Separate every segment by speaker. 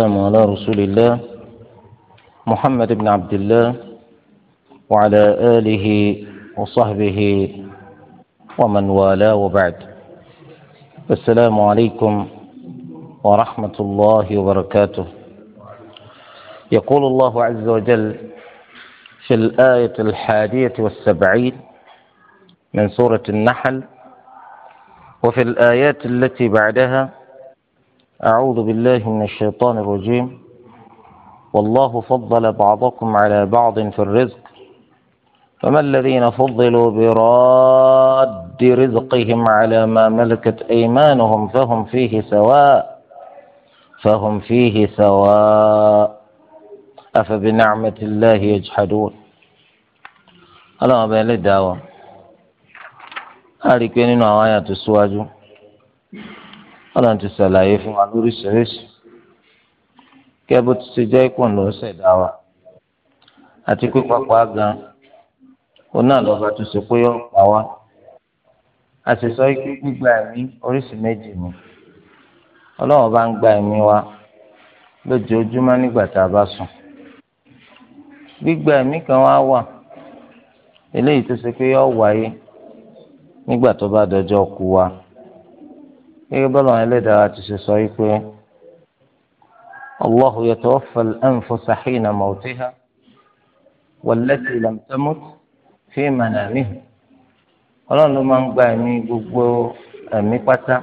Speaker 1: السلام على رسول الله محمد بن عبد الله وعلى آله وصحبه ومن والاه وبعد السلام عليكم ورحمة الله وبركاته يقول الله عز وجل في الآية الحادية والسبعين من سورة النحل وفي الآيات التي بعدها أعوذ بالله من الشيطان الرجيم والله فضل بعضكم على بعض في الرزق فما الذين فضلوا براد رزقهم على ما ملكت أيمانهم فهم فيه سواء فهم فيه سواء أفبنعمة الله يجحدون ألا بين الدعوة هذه كان آيات السواجون ọlọ́run ti ṣàlàyé fún wa lóríṣiríṣi kẹ́ bó ti ṣe jẹ́ ìpọ̀n ló ń ṣẹ̀dá wa àti pípapọ̀ gan òun náà lọ́ba tó ṣe pé yọ pa wá a sì sọ pé gbígba ẹ̀mí oríṣi méjì ni ọlọ́run bá ń gba ẹ̀mí wa lójoojúmọ́ nígbà tá a bá sùn gbígba ẹ̀mí kan wá wà eléyìí tó ṣe pé yọ wáyé nígbà tó bá dọjọ́ kú wa gẹ́gẹ́ bọ́lá àwọn ẹlẹ́dàá ti ṣe sọ yìí pé allahu yatawaffa al-anfusa hina mawtiha wallati lam tamut fi manamiha ọlọ́run ló máa ń gba ẹ̀mí gbogbo ẹ̀mí pátá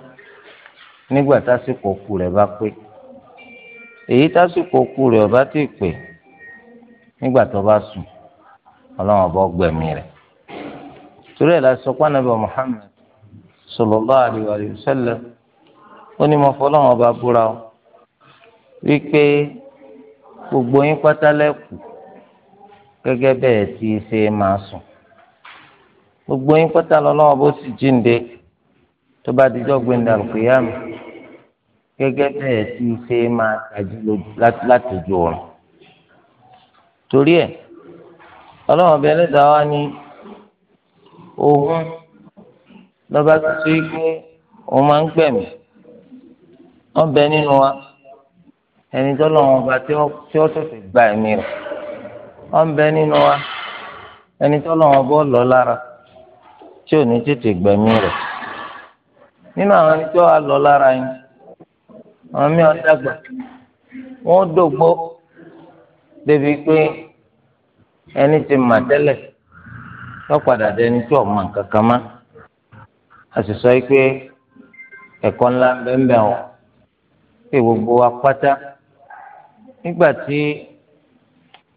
Speaker 1: nígbà tásìkò kù rẹ̀ bá pé èyí tásìkò kù rẹ̀ ọ̀bá ti pè nígbà tó bá sùn ọlọ́run ọba gbẹ̀mí rẹ̀ torí ẹ̀ la sọ pé anabi muhammed sallallahu alaihi wa ó ní mo fọlọ́wọn ọba búra o wípé gbogbo yín pátálẹ́kù gẹ́gẹ́ bẹ́ẹ̀ tí í ṣe máa sùn gbogbo yín pátá lọ́wọ́ bó sì jíǹde tó bá dijọ́ gbẹ̀ndà lùkìyàmù gẹ́gẹ́ bẹ́ẹ̀ tí í ṣe máa tají látòjú ọ̀run torí ẹ̀ ọlọ́wọ́n bẹ́ẹ̀ lẹ́dàá wá ní òun lọ́ba tó ṣe é pé òun máa ń gbẹ̀mí wọn bẹ nínú wa ẹni tó lọ́wọ́ ọba tí ó tètè gba ẹ̀mí rẹ̀ wọn bẹ nínú wa ẹni tó lọ́wọ́ ọba lọ lára tí ò ní tètè gbẹ̀mí rẹ̀ nínú àwọn ẹni tó wà lọ lára yẹn àwọn mí ọ̀n dàgbà wọn dògbó débi pé ẹni tí mà tẹ́lẹ̀ yọ dẹni tí ọ̀ma kankan má a sì pé ẹ̀kọ́ ńlá ń bẹ́ẹ̀ bẹ́ẹ̀ wọ̀ pé gbogbo wa pátá nígbà tí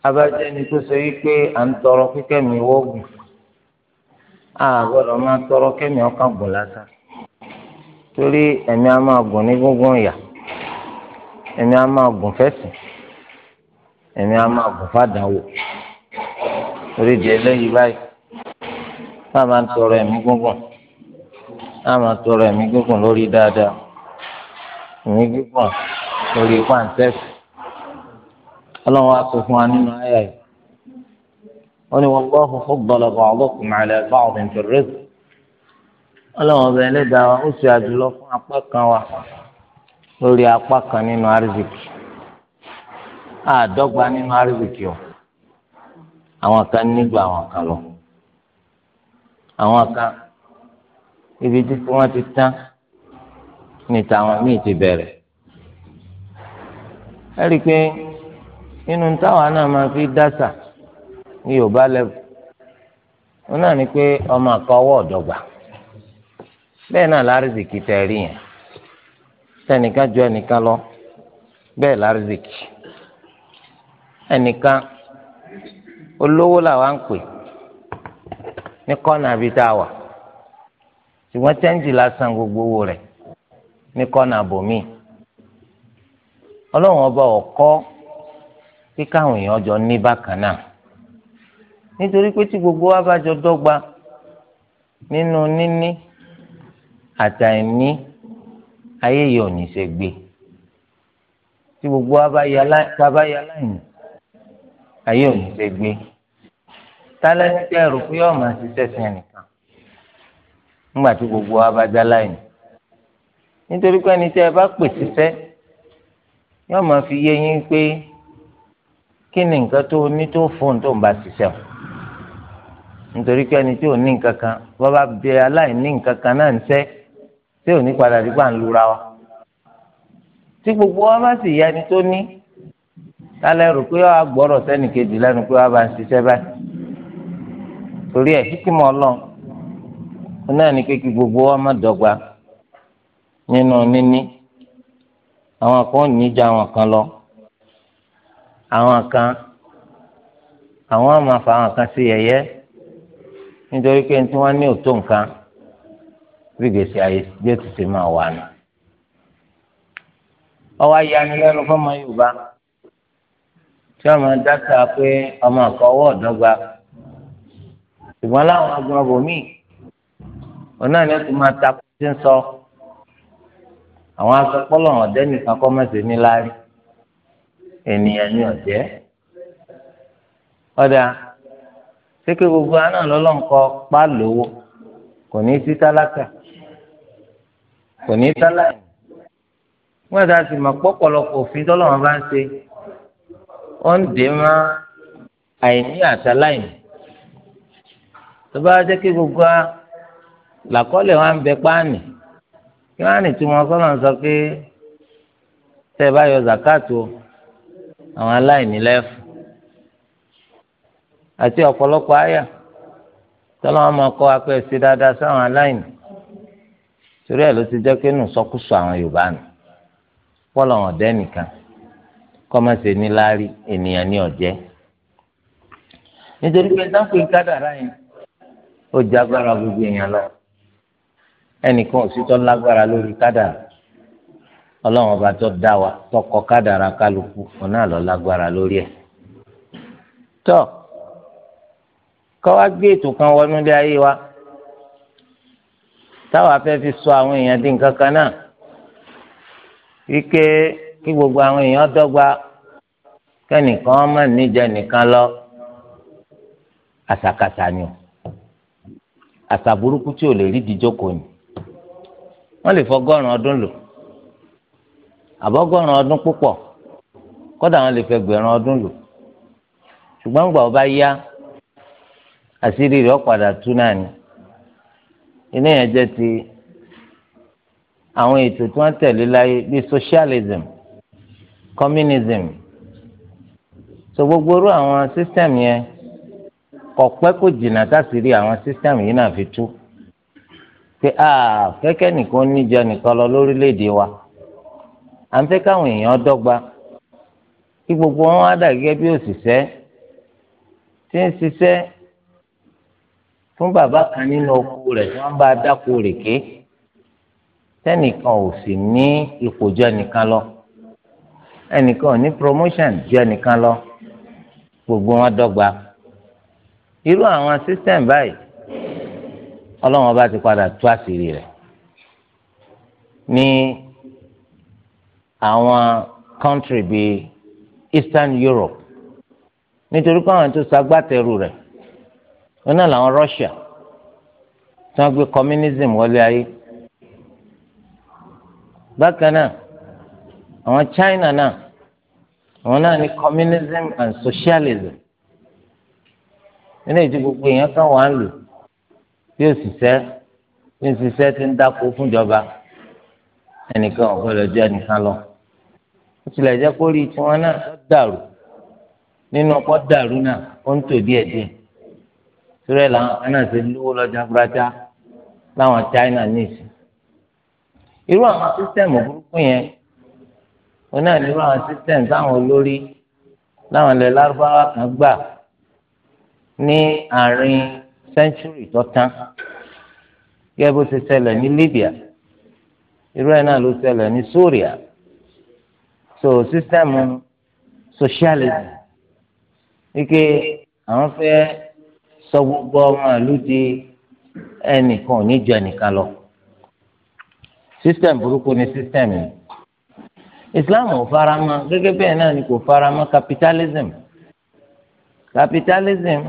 Speaker 1: abájẹni tó sọ yìí pé à ń tọrọ kíkẹ́mi wọ́gùn a gbọ́dọ̀ máa tọrọ kẹ́mi ọkàn gùn lásán torí ẹ̀mí a máa gùn ní gúngún ìyà ẹ̀mí a máa gùn fẹ́sìn ẹ̀mí a máa gùn fàdánwò torí di eléyìí báyìí tá a máa tọrọ ẹ̀mí gúngún a máa tọrọ ẹ̀mí gúngún lórí dáadáa ní gígùn lórí pàǹtẹ́sì ọlọ́run wa sọ fún wa nínú ayé yìí wọ́n ní wallahu faddala ba'dakum ala ba'din fi rizq ọlọ́run ọba ẹlẹ́dàá wa ó ṣe àjùlọ fún apá kan wa lórí apá kan nínú arzikì àádọ́gba nínú arzikì o àwọn kan nígbà àwọn kan lọ àwọn kan ibi títí wọ́n ti tán ní tàwọn míì ti bẹ̀rẹ̀ ẹ rí i pé inú táwa náà máa fi dásà ní yorùbá lẹ́bù wọn náà ní pé ọmọ àkọwọ́ ọ̀dọ́gba bẹ́ẹ̀ náà lárísìkì tẹ̀ rí yẹn tẹnìkan ju ẹnìkan lọ bẹ́ẹ̀ lárísìkì ẹnìkan olówó làwa ń pè ní kọ́nà àbí tá a wà ṣùgbọ́n tẹ́ǹtì lásán gbogbo owó rẹ̀ ní kọ́nà àbòmí ọlọ́run ọba ọ̀kọ́ kíkà àwọn èèyàn jọ ní bákan náà nítorí pé tí gbogbo wa bá jọ dọ́gba nínú níní àtàìní ayé yìí ò ní ṣe gbé tí gbogbo wa bá yà láìní ayé ò ní ṣe gbé tálẹ́ńtì ẹ̀rù pé ọ̀ma ṣiṣẹ́ sẹ́nìkan nígbà tí gbogbo wa bá já láìní. nítorí pé ẹni tí ẹ bá pè síṣẹ́ yóò máa fi yé yín pé kí ni nǹkan tó ní tó fóun tó ń bá ṣiṣẹ́ o nítorí pé ẹni tí ò ní nǹkan kan wọ́n bẹ aláìní nǹkan kan náà ń ṣẹ́ tí ò ní padà dípà ń lura wa tí gbogbo wa bá sì yẹ ẹni tó ní lálẹ́ rò pé wàá gbọ́rọ̀ sẹ́nì kejì lẹ́nu pé wàá bá ń ṣiṣẹ́ báyìí torí ẹ̀ kíkì mọ́ ọlọ́run náà ni pé gbogbo wa má dọ́gba nínú níní àwọn kan ò ní ju àwọn kan lọ àwọn kan àwọn á máa fa àwọn kan sí yẹ̀yẹ́ nítorí pé tí wọ́n ní òtó nǹkan bí gbèsè ayé bí ó ti ṣe máa wà nù. ọwọ́ ayanilẹ́nu fọmọ Yorùbá tí wọ́n máa dáta pé ọmọ àkọ́ ọwọ́ ọ̀dọ́gba ṣùgbọ́n láwọn agbọ̀n bòmíì òun náà ni ó ti máa ta kó tí ń sọ. So àwọn asọpọlọ ọdẹ nìkan kọ mẹsẹ ní láàrin ènìyàn ní ọdẹ ọdà sékè gbogbo aná lọlọ́nkọ pa lówó kò ní sí tálákà kò ní táláyìn wọn dà sí ma pọ̀pọ̀lọpọ̀ òfin tọ́lọ́run bá ń ṣe ó ń dè má àìní àtàláyìn tó bá jẹ́ kí gbogbo làkọ́lẹ̀ wa ń bẹ páàní kí wọ́n á ní túmọ̀ sọ́nà sọ pé tẹ́ ẹ bá yọ zakato àwọn aláìní lẹ́fù àti ọ̀pọ̀lọpọ̀ àyà tọ́lọ́wọ́n máa kọ́ akọ́ ẹ̀ sí dáadáa sáwọn aláìní torí ẹ̀ ló ti jẹ́ pé nù sọkúsọ àwọn Yorùbá nù pọ́lọ̀ wọn ọ̀dẹ́ nìkan kọ́mọ̀sẹ̀ níláárí ènìyàn ní ọ̀jẹ́ nítorí pé dáńpé kádàrá yẹn ó jágbára gbogbo èèyàn lọ ẹnìkan ò sí tó lágbára lórí kádàrà ọlọ́run ọba tó dá wa tọkọ kádàrà kálukú òun náà lọ lágbára lórí ẹ̀. tọ́ káwá gbé ètò kan wọnú dé ayé wa táwa fẹ́ fi sọ àwọn èèyàn dín nǹkan náà wípé kí gbogbo àwọn èèyàn dọ́gba kẹ́nìkan má níjẹ nìkan lọ àṣàkàṣà ni àṣà burúkú tí ò lè rí ìdíjókòó ni wọ́n lè fọgọ́rùn ọdún lò àbọ̀gọ́rùn ọdún púpọ̀ kódà wọ́n lè fẹ́ gbẹ̀rún ọdún lò ṣùgbọ́n gbà ọba yá àṣírí rẹ̀ ọ̀padà tú náà ni ilé yẹn jẹ́ ti àwọn ètò tí wọ́n tẹ̀lé láyé bíi socialism communism so gbogbo irú àwọn system yẹn kò pẹ́ kò jìnnà táṣírí àwọn system yìí náà fi tú pé a fẹ́kẹ́ nìkan níjọ nìkan lọ lórílẹ̀‐èdè wa à ń fẹ́ káwọn èèyàn dọ́gba kí gbogbo wọn á dà gẹ́gẹ́ bí òṣìṣẹ́ tí ń ṣiṣẹ́ fún bàbá kan nínú oko rẹ̀ tí wọ́n bá dáko rèké tẹ́nìkan ò sì ní ipò jọ ẹnìkan lọ ẹnìkan ò ní promotion jọ ẹnìkan lọ gbogbo wọn dọ́gba irú àwọn system báyìí ọlọ́run ọba ti padà tú àṣírí rẹ̀ ní àwọn kọ́ńtìrì bíi Eastern Europe nítorí pé àwọn tó ṣagbátẹrù rẹ̀ wọn náà làwọn Russia tí wọ́n gbé communism wọlé ayé bákan náà àwọn China náà àwọn náà ní communism and socialism nínú ètò gbogbo èèyàn kan wà ń lò tí òṣìṣẹ́ tí òṣìṣẹ́ ti ń dáko fúnjọba ẹnìkan ò gbọ́dọ̀ jẹ́ ẹnìkan lọ ó tilẹ̀ jẹ́ kó rí tiwọn náà dàrú nínú ọkọ̀ dàrú náà ó ń tò díẹ̀ díẹ̀ torí ẹ̀ làwọn náà ṣe lówó lọ́jà burata láwọn China ní ìsìn irú àwọn sísẹ́ẹ̀mù burúkú yẹn wọn náà nírú àwọn sísẹ́ẹ̀mù táwọn olórí láwọn ilẹ̀ lárúbáwá kan gbà ní àárín century, tó tán gẹ́gẹ́ bó ṣe ṣẹlẹ̀ ní Libya irú ẹ̀ náà ló ṣẹlẹ̀ ní Syria so sísẹ́mù socialism wípé àwọn fẹ́ sọ gbogbo ọmọ ìlú di ẹnìkan ò ní ju ẹnìkan lọ sísẹ́mù burúkú ni sísẹ́mù yìí Islam ò faramọ́ gẹ́gẹ́ bẹ́ẹ̀ náà ni kò faramọ́ capitalism capitalism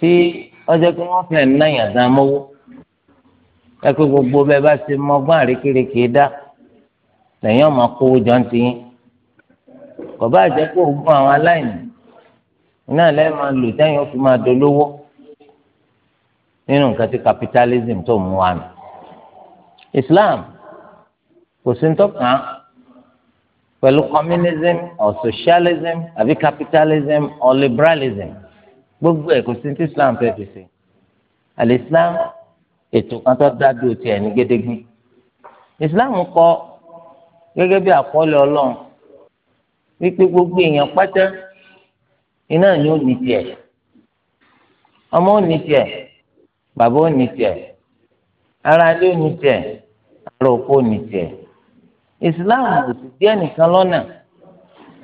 Speaker 1: tí. Si, wọ́n jẹ́ pé wọ́n fẹ́ náyà gan mọ́wó ẹ̀kọ́ gbogbo bẹ́ẹ̀ bá ṣe mọ́gbọ́n àrékérekè dá lẹ́yìn ọmọ kówó jọ ń tiyín kò bá jẹ́ pé oògùn àwọn aláìní náà lẹ́yìn máa lò sẹ́yìn ó fi máa dolówó nínú nǹkan tí capitalism tó mú wa nù Islam kò sí ntọ́kàn pẹ̀lú communism or socialism àbí capitalism or liberalism gbogbo ẹ̀ kò sí ti islam fẹ́ fi ṣe àlè islam ètò kan tó dájú tiẹ̀ ní gédégbé islam kọ gẹ́gẹ́ bí àkọọ́lẹ̀ ọlọ́run wípé gbogbo èèyàn pátá iná ni ó ní tiẹ̀ ọmọ ò ní tiẹ̀ bàbá ò ní tiẹ̀ ara ilé ò ní tiẹ̀ ara òkú ò ní tiẹ̀ islam kò sì díẹ̀ nìkan lọ́nà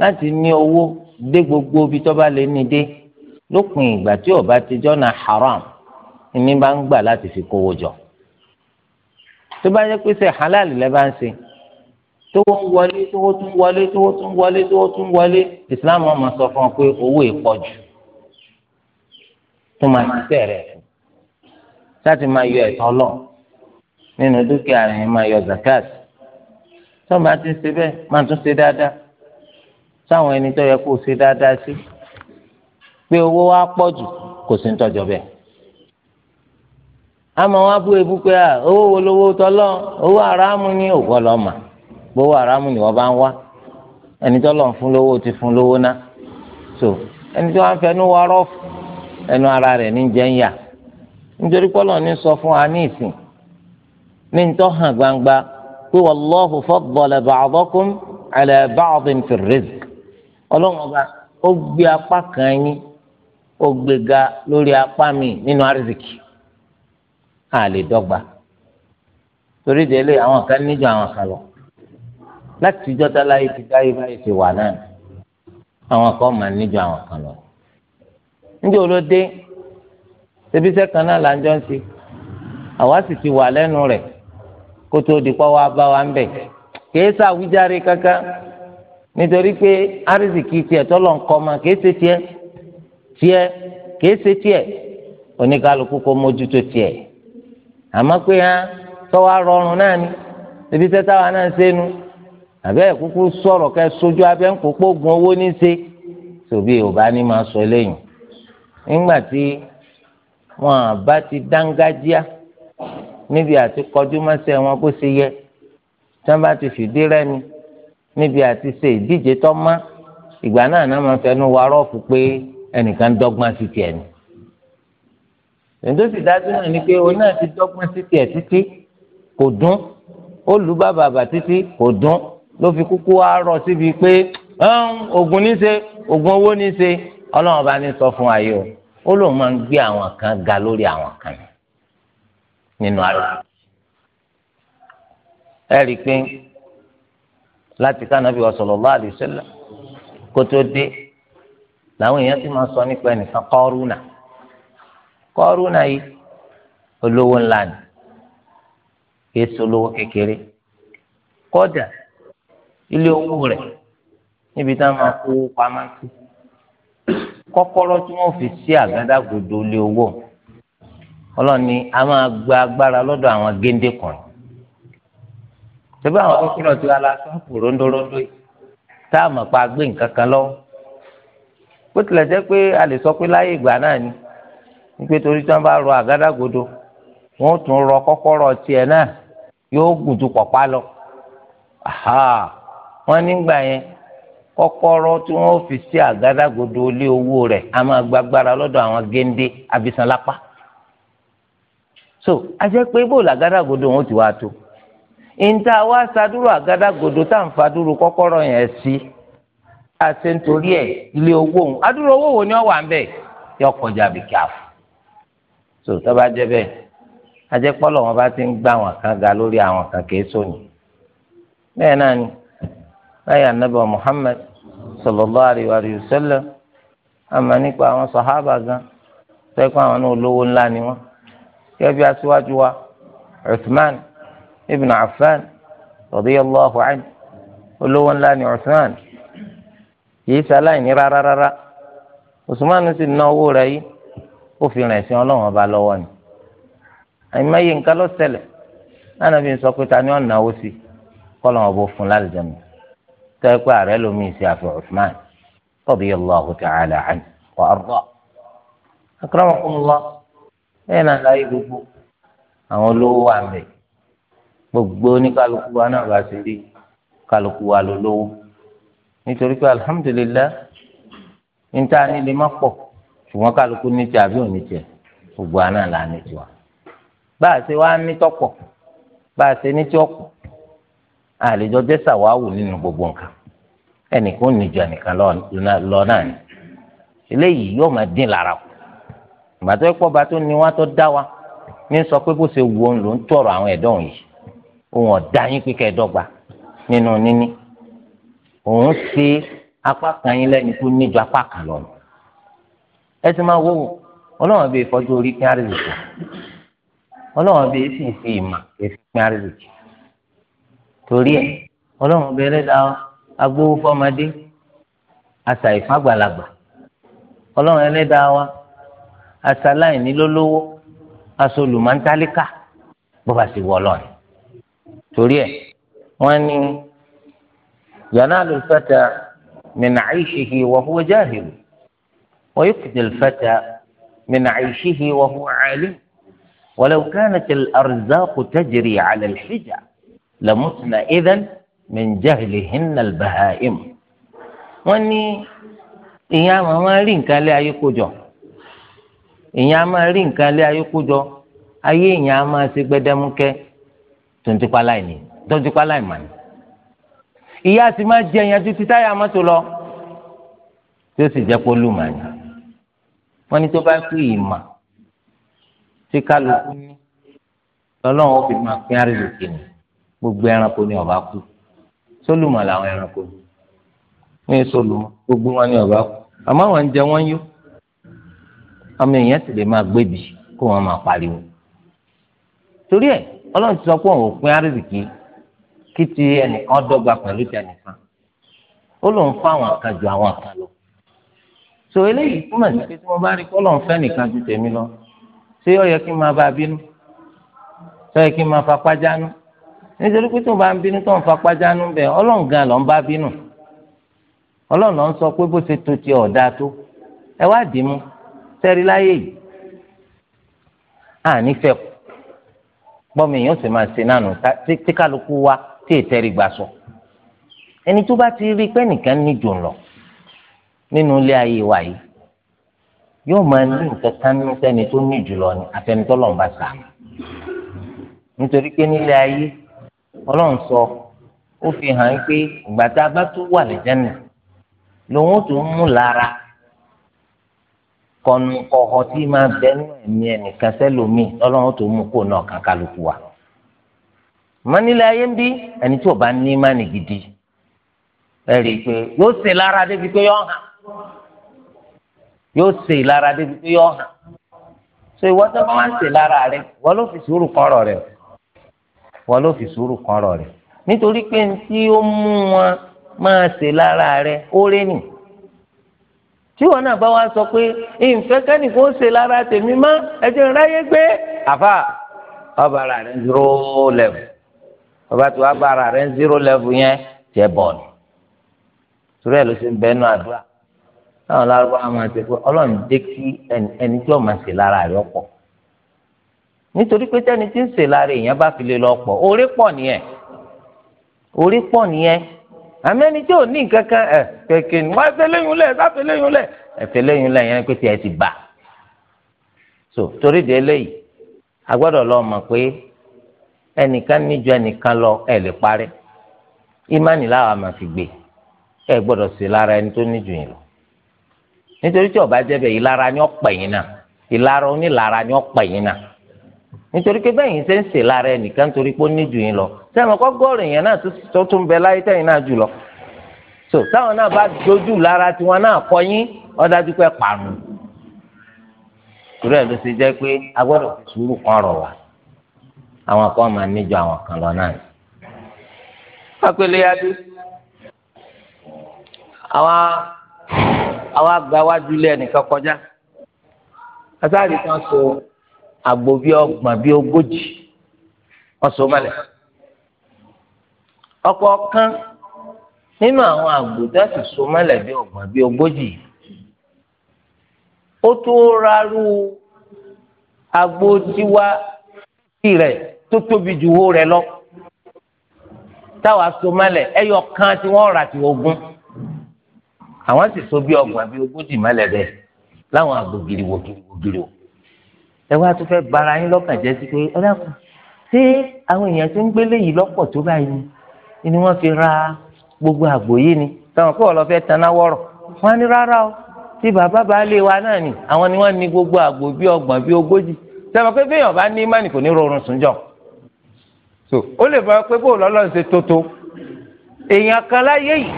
Speaker 1: láti ní owó dé gbogbo ibi tó bá lè ní dé lópin ìgbà tí ó bá ti jọ́nà haram ní bá ń gbà láti fi kówó jọ tó bá yẹ pé ṣe halal lẹ́ bá ń ṣe tó ń wọlé tó ń tún wọlé tó ń tún wọlé tó ń tún wọlé islam ọmọ sọ fún ọ pé owó ìpọ̀ jù tó máa ṣiṣẹ́ rẹ̀ fún láti máa yọ ẹ̀tọ́ lọ nínú dúkìá rẹ̀ máa yọ zakat tó máa ti ṣe bẹ́ẹ̀ máa tún ṣe dáadáa sáwọn ẹni tó yẹ kó ṣe dáadáa sí. pé owó wa pọ̀ jù kò sí ń tọ́jọ bẹ́ẹ̀ àmọ́ wọn bú ebú pé owó wo lówó tọ́lọ́ owó àràmù ni ògbọ́ lọ́ mà gbowó ni wọ́n bá ń wá ẹni fún ná so ẹni tó n'ụwa rọf wọ ẹnu ara rẹ̀ ní jẹ́ńyà nítorí sọ fún wa ní ìsìn ní gbangba pé ọlọ́run ọba ó gbé kan yín ó gbéga lórí apá mi nínú arzikì a lè dọ́gba torí délé àwọn kan níjọ àwọn kan lọ láti jọta láyé ti dáyé báyìí ti wà náà àwọn kan mà níjọ àwọn kan lọ níjọ ló dé ṣebí sẹ́kàn náà là ń jọ ń ṣe àwa sì ti wà lẹ́nu rẹ̀ kó tó di pọ́ wá bá wa ń bẹ̀ kìí ṣàwíjàre kankan nítorí pé arzikì tiẹ̀ tọ́lọ̀ ń kọ́ ma kìí ṣe tiẹ̀ tiẹ̀ kìí ṣe tiẹ̀ oníkálukú kó mójútó tiẹ̀ àmọ́ pé hàn tọwọ arọrùn náà ni ebi tẹta wa náà ṣe nu àbẹ kúkú sọ̀rọ̀ kẹ sojú abẹ ń kókó gun owó ní ṣe tòbí yorùbá ni máa sọ lẹ́yìn nígbà tí wọn bá ti dángájíá níbi àti kọjú mọ́sẹ̀ wọn bó ṣe yẹ tí wọn bá ti fìdí rẹmi níbi àti ṣe ìdíje tó má ìgbà náà náà máa fẹnu wa rọ́ọ̀fù pé ẹnìkan dọ́gbọ́n sí tiẹ̀ ni tòǹtòsí dájú náà ni pé òun náà ti dọ́gbọ́n sí tiẹ̀ títí kò dún ó lù bàbà bà títí kò dún ló fi kúkú wá rọ síbi pé oògùn ní ṣe oògùn owó ní ṣe ọlọ́run bá ní sọ fún ayé o ó lóun máa ń gbé àwọn kan ga lórí àwọn kan nínú ara ẹ rí i pé láti ká nàbí sallallahu alaihi kó tó dé. làwọn èèyàn ti máa sọ nípa ẹnìkan kọ́rùnà kọ́rùnà yìí olówó ńlá ni kìí ṣe olówó kékeré kódà ilé owó rẹ̀ níbi tá a máa kó owó pamọ́ sí kọ́kọ́rọ́ tí wọ́n fi a máa gba agbára lọ́dọ̀ àwọn géńdé kan ṣé bá àwọn kọ́kọ́rọ́ la sọ́ọ̀pù yìí tá a mọ̀ pa gbé nǹkan bó tilẹ̀ jẹ́ pé a lè sọ pé láyé ìgbà náà ni nípe torí tí wọ́n bá rọ àgádágodo wọ́n tún rọ kọ́kọ́rọ́ tiẹ̀ náà yóò gùn ju pọ̀pá lọ wọ́n nígbà yẹn kọ́kọ́rọ́ tí wọ́n fi sí àgádágodo ilé owó rẹ̀ a máa gbàgbára lọ́dọ̀ àwọn géńdé abisanlápá so a jẹ́ pé bó làgádágodo wọn ti wá tó ìta wá sadúró àgádágodo tá à ń fadúró kọ́kọ́rọ́ yẹn sí. Si a ṣe ń torí ẹ̀ ilé owó òun adúrò owó wo ni ó wà ń bẹ̀ yọ kọjá bí kí a fò so tó bá jẹ́ bẹ́ẹ̀ ajẹ́pọ́lọ̀ wọn bá ti ń gbá àwọn kan ga lórí àwọn kan kìí sóyìn bẹ́ẹ̀ náà ni láyé anábì Muhammad sallallahu alaihi wa sallam àmọ́ nípa àwọn sàhábà gan sẹ́kọ̀ àwọn náà olówó ńlá ni wọ́n kẹ́bí aṣíwájú wa Uthman ibn Affan radiyallahu anhu olówó ńlá ni Uthman yìí ṣaláìní rárá rárá Usman sì ná owó rẹ̀ yìí ó fi rìn sí Ọlọ́run ọba lọ́wọ́ ni àyìnbáyé nǹkan ló ṣẹlẹ̀ lánàbí sọ pé ta ni ọ̀ náwó sí kọ́lọ́n ọba fún lálùjẹmọ tó ẹ pé ààrẹ lomi ìsì àfi Usman radiyallahu ta'ala anhu wa arda akramakumullah bẹ́ẹ̀ náà láyé gbogbo àwọn olówó wà ń bẹ gbogbo oníkálukú wa náà bá ti rí kálukú wa lólówó nítorí pé alihamudulilayi níta ni lè má pọ̀ ṣùgbọ́n kálukú ní tiẹ̀ àbí òní tiẹ̀ gbogbo àná là ní tiwa bá a ṣe wá ní tọ́pọ̀ bá a ṣe ní tí ọ̀pọ̀ àlejò jẹ́sà wà wù nínú gbogbo nǹkan ẹnìkan ò ní lọ náà ni eléyìí yóò máa dín lára kù ìgbàtọ́ ẹ̀kọ́ bá tó ní wá tó dá wa ní sọ pé bó ṣe wù ọ́n ló ń tọrọ àwọn ẹ̀dọ́ yìí òun ọ̀dá yín pé kẹ́ ẹ dọ́gba nínú níní. òun ṣe apá kan yín lẹ́ni tó níjọ apá kan lọ. ẹ ti máa wò ọlọ́wọ́n bíi orí pín ọlọ́wọ́n bíi sì fi ìmọ̀ èsì pín torí ẹ ọlọ́wọ́n bíi ẹlẹ́dà agbówó fọmọdé àṣà ìfàgbàlagbà ọlọ́wọ́n ẹlẹ́dà wa àṣà láìní lólówó si bó torí ẹ wọ́n ينال الفتى من عيشه وهو جاهل ويكد الفتى من عيشه وهو عالم ولو كانت الأرزاق تجري على الحجة لمتن إذن من جهلهن البهائم واني يا مالين كان لي أيكو جو يا مالين كان لا أيكو جو أي يا ما سيبدا مكة تنتقلاني تنتقلاني ìyá sì máa jẹ ìyànjú ti táyà mọ́tò lọ tí ó sì jẹ́ pé olùmọ̀ọ́yà wọ́n ní tó bá kú ìmọ̀ tí kálukú ní lọ́lọ́run ó fi máa pín àrídòkè ní gbogbo ẹranko ní ọba kú sólùmọ̀ làwọn ẹranko ní sólùmọ̀ gbogbo wọn ní ọba kú àmọ́ wọn ń jẹ wọ́n yó ọmọ èèyàn sì lè máa gbébi kó wọn máa pariwo torí ẹ̀ ọlọ́run ti sọ pé òun ò pín àrídòkè kí ti ẹnìkan dọ́gba pẹ̀lú ti ẹnìkan ó lòun fún àwọn kan ju àwọn kan lọ so eléyìí túmọ̀ sí pé tí mo bá rí kọ́ lòun fẹ́ nìkan ju tèmi lọ ṣé ó yẹ kí n máa bá a bínú ṣé ó yẹ kí n máa fapá jánú nítorí pé tó bá ń bínú tó ń fapá jánú bẹ́ẹ̀ ọlọ́run gan ló bá bínú ọlọ́run ló sọ pé bó ṣe tó ti ọ̀dà tó ẹ wá dì í mú sẹ́rí láyé yìí àní fẹ́ pọ́mi yóò sì máa ṣe náà nù tí kálukú wá tí ìtẹ́rí gbà sọ ẹni tó bá ti rí pé nìkan ní jù lọ nínú ilé ayé wa yìí yóò máa ní nǹkan kan ní sẹ́ni tó ní jù lọ ni lọ́n bá sà nítorí pé nílé ayé ọlọ́run sọ ó fi hàn án pé ìgbà tá a bá tún wà lẹ́jẹ̀nà lòun ó tún mú lára kọnu kọ̀ọ̀kan tí máa bẹ́ẹ̀ ní ẹ̀mí ẹnìkan sẹ́lòmíì ọlọ́run ó tún mú kó náà kankan lóko wa mọ́nilẹ̀ ayé ń bí ẹni tí ò bá ní mánì gidi ẹ rí i pé yóò ṣe lára débi pé yọ hàn yóò ṣe lára débi pé yọ hàn so ìwọ tó bá ń ṣe lára rẹ wọ́n ló fi sùúrù kọ́rọ̀ rẹ wọ́n ló fi sùúrù kọ́rọ̀ rẹ nítorí pé ní tí ó mú wọn máa ṣe lára rẹ ó rẹ nì tí wọn náà bá wá sọ pé ìfẹ́ kẹ́nìkan ṣe lára tèmi mọ́ ẹ̀jẹ̀ ráyé gbé àfà ọba ara rẹ dúró bàbá tí wàá bá ara rẹ ń zero level yẹn jẹ bọ́ọ̀lù torí ẹ̀ ló ṣe ń bẹ́ẹ̀ nù àdúrà táwọn lárúbọ àwọn àti pé ọlọ́run dé kí ẹni tí ọmọ ṣe lára rẹ pọ̀ nítorí pé tẹ́ni tí ń ṣe lára èèyàn bá fi lè lọ pọ̀ orí pọ̀ nìyẹn orí pọ̀ nìyẹn àmì ẹni tí ò ní nǹkan kan ẹ̀ kẹ̀kẹ́ ni wọ́n fẹ́ léyìn lẹ̀ sáfẹ́ léyìn lẹ̀ ẹ̀fẹ́ léyìn lẹ̀ yẹn pé tiẹ̀ ti bà so torí de eléyìí a gbọ́dọ̀ lọ mọ̀ pé ẹnìkan níjọ ẹnìkan lọ ẹ lè parẹ́ ìmánì làwọn máa fi gbé ẹ gbọdọ sí lára ẹni tó níjù yìí lọ nítorí tí ọba jẹ́ bẹ́ẹ̀ ìlara ni yìí náà ìlara onílara ni náà nítorí pé bẹ́ẹ̀ yìí ṣe ń lára ẹnìkan torí pé ó lọ sẹ́wọ̀n kọ́ yẹn náà tó tún bẹ láyé lọ so táwọn náà bá dojú lára tiwọn náà kọ yín dájú pé ló ṣe jẹ́ pé a àwọn kan máa níjọ àwọn kan lọ náà. pápẹ́lẹ́ adé àwọn àwọn agbáwájú ilé ẹnìkan kọjá asáàlì kan so àgbo bíi ọgbọ̀n bíi ogójì wọ́n mọ́lẹ̀ ọkọ̀ kan nínú àwọn àgbo tó sì so mọ́lẹ̀ bíi ọgbọ̀n bíi ogójì ó tó rárú àgbo tiwa tó tóbi ju owó rẹ lọ táwa so mọ́lẹ̀ ẹyọ kan tí wọ́n rà ti ogún àwọn sì so bí ọgbọ̀n àbí ogójì mọ́lẹ̀ rẹ láwọn àgbò giriwo giriwo giriwo ẹ wá tó fẹ́ bara yín lọ́kàn jẹ́ sí pé ẹ dákun ṣé àwọn èèyàn tó ń gbélé yìí lọ́pọ̀ tó báyìí ni ni wọ́n fi ra gbogbo àgbò yìí ni táwọn kọ́ ọ lọ fẹ́ taná ní rárá o tí bàbá baálé wa náà ni àwọn ni wọ́n ní gbogbo àgbò bí ọgbọ̀n bí ogójì sẹ́wọ̀n pé bẹ́ẹ̀ yàn bá ní mánì ní rọrùn sùn jọ. so ó lè bá pé bóòlù ọlọ́run ṣe tótó èèyàn kan láyé yìí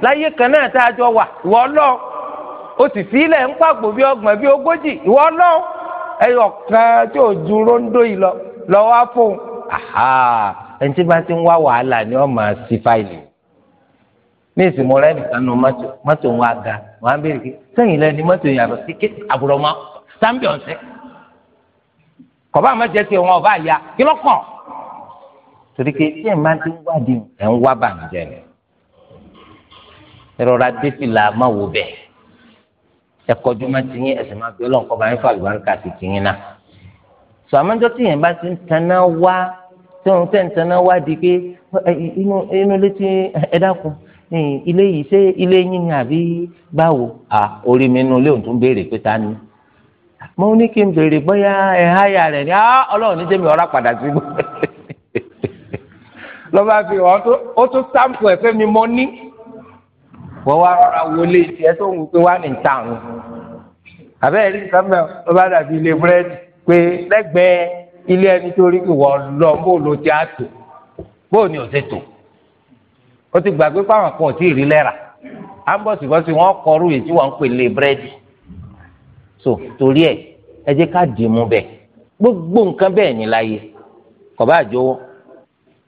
Speaker 1: láyé kan náà tá a jọ wà ìwọ ọlọ́ọ̀ o sì sílẹ̀ ń pàgbò bí ọgbọ̀n bí ogójì ìwọ ọlọ́ọ̀ ẹyọ tí ò ju róńdó lọ wá fún fóun ẹni tí bá ti ń wá wàhálà ni wọ́n máa fáìlì ní ìsìnkú rẹ nìkan nu mọ́tò mọ́tò ga á kí sẹ́yìn lẹ́ni mọ́tò kọ̀ọ̀bá àmọ́jẹ́ torí pé tí ẹ̀ máa ti ń wádìí ẹ̀ ń wá bàǹjẹ́ ni ìrora débi là má wò bẹ́ẹ̀ ẹ̀kọ́jú máa ti yín ẹ̀sìn máa fi ọlọ́run kọ́ bá yín fà lùbáríkà sí ti yín náà sọ àmọ́jọ́ tí yẹn bá ti ń taná wá tí òun tẹ̀ ń taná wá di pé inú inú létí ẹ ilé yìí ṣé ilé yín ni àbí báwo orí mi inú ilé òun tún béèrè pé ta ni mo ní kí n béèrè bóyá ẹ̀ rẹ̀ ni ọlọ́run ní jẹ́mi ọ̀rá padà sí gbogbo lọ́ba fi ó tún sáǹpù ẹ̀fẹ́ mi mọ́ ní wọ́n wá rọra wọlé tiẹ̀ tó ń wù pé wá ní ìta àwọn àbẹ́rẹ́ rí sábà lọ́ba dàbí ilé búrẹ́dì pé lẹ́gbẹ̀ẹ́ ilé ẹni tó rí kí wọ́n lọ bó ló ti á tò bó ni ò ti tò ó ti gbàgbé pàwọn kan ò tí ì rí lẹ́ra à ń bọ̀ síbọ̀ sí wọ́n kọrú èyí tí wọ́n ń pè lé búrẹ́dì so torí ẹ̀ ẹ jẹ́ ká dì í mú bẹ́ẹ̀ gbogbo nǹkan bẹ́ẹ̀ ni láyé kọ̀ bá jọ̀wọ́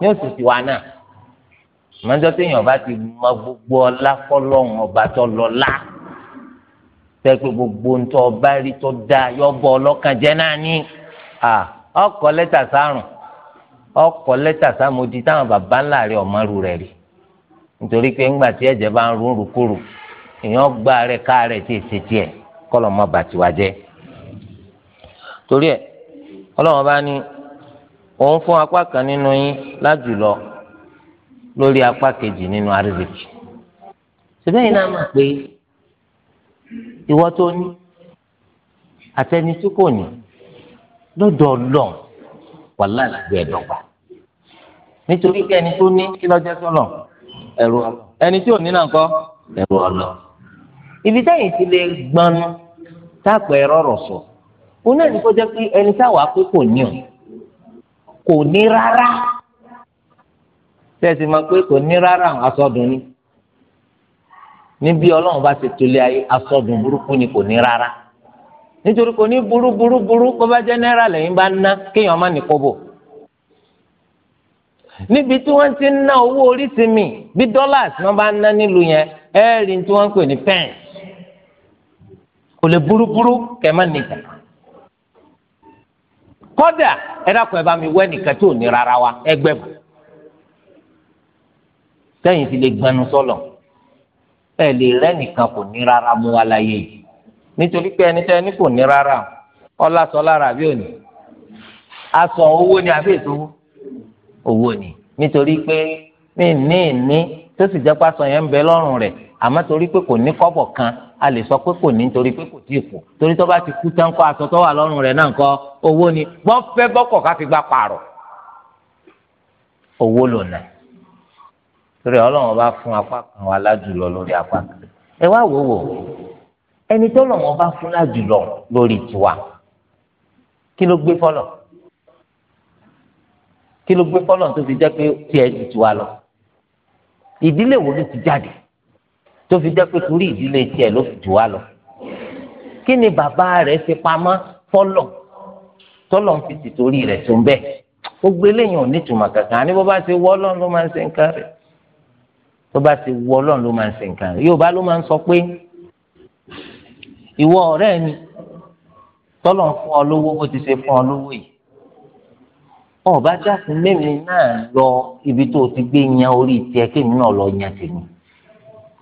Speaker 1: ní oṣù tiwa náà mọ́jọ́ téèyàn bá ti mọ gbogbo ọlá fọlọ́run ọba tó lọ́lá tẹ́ pé gbogbo ń ọba rí tó dáa yọ́bọ̀ ọlọ́kàn jẹ́ náà ní ọkọ lẹ́tà sárùn ọkọ lẹ́tà sámodi táwọn bàbá ńlá rẹ̀ ọ̀mọ́rù rẹ̀ rí nítorí pé ńgbà tí ẹ̀jẹ̀ bá ń rún rúkúrú èèyàn rẹ̀ ká rẹ̀ tí òun fún apá kan nínú yín lájùlọ lórí apá kejì nínú àrísìkí síbẹ̀ yìí náà mọ̀ pé ìwọ tó ní àtẹni tí kò ní lọ́dọ̀ Ọlọ́run wà láàlú ẹ̀dọ́gba nítorí pé ẹni tó ní kí lọ́jọ́ sọ́lọ̀ ẹ̀rù ọlọ ẹni tí ò ní náà kọ́ ẹ̀rù ọlọ ibi táyìn ti lè gbanu táàpọ̀ ẹ̀rọ rọ̀ sọ òun náà ní kó jẹ́ pé ẹni táwa pé ní òun kò ní rárá tẹ̀sí máa pé kò ní rárá asọ́dún ni níbi ọlọ́run bá ti tolé ayé asọ́dún burúkú ni kò ní rárá nítorí kò ní burú burú burú kó bá jẹ́ náírà lẹ́yìn bá ná kéèyàn má ní kọ́bọ̀ níbi tí wọ́n ti ń ná owó orí sí mi bí dọ́là tí wọ́n bá ń ná nílùú yẹn ẹ́ẹ̀rì tí wọ́n ń pè ní pẹ́ǹsì kò lè burú burú kẹ́ẹ̀ má nìkan kọ́dà ẹ dákun ẹ bá mi wẹ́ nìkan tí ò ní rárá wa ẹgbẹ́ bù sẹ́yìn ti lè gbanu sọ́lọ̀ ẹ lè rẹ́ nìkan kò ní rárá mú wa láyé yìí nítorí pé ẹni tẹ́ ẹni kò ní rárá ọlá sọ lára àbí òní aṣọ owó ni àbí ètò owó ni nítorí pé ní ní ní tó sì jẹ́ pásọ yẹn ń bẹ lọ́rùn rẹ̀ àmọ́ torí pé kò ní kọ́bọ̀ kan a lè sọ pé kò ní torí pé kò tí ì kù torí tó bá ti kú tán kọ́ aṣọ tó wà lọ́rùn rẹ̀ náà ń kọ́ owó ni wọ́n fẹ́ bọ́kọ̀ ká fi gbá pààrọ̀ owó lòna torí ọlọ́run bá fún apá kan wa lájùlọ lórí apá kan ẹ wá wò wò ẹni tó lọ́wọ́n bá fún lájùlọ lórí tiwa kí ló gbé fọlọ̀ kí ló gbé fọlọ̀ tó fi jẹ́ pé tiẹ̀ ju tiwa lọ ìdílé wo ló ti jáde tó fi jẹ́ pé torí ìdílé tiẹ̀ ló fi jù wá lọ kí ni bàbá rẹ̀ fi pamọ́ fọlọ̀ tọ́lọ̀ ń fi tìtorí rẹ̀ tó ń bẹ̀ gbogbo eléyìí ò ní ìtumọ̀ kankan ní bó bá ti wọ́ ọlọ́run ló máa ń ṣe nǹkan rẹ̀ tó bá ti wọ́ ọlọ́run ló máa ń ṣe nǹkan rẹ̀ Yorùbá ló máa ń sọ pé ìwọ ọ̀rẹ́ ni tọ́lọ̀ ń fún ọ lówó bó ti ṣe fún ọ lówó yìí ọ̀bá jáfin mẹ́rin náà lọ ibi tó ti gbé yan orí tiẹ̀ kémi náà lọ yan tèmi.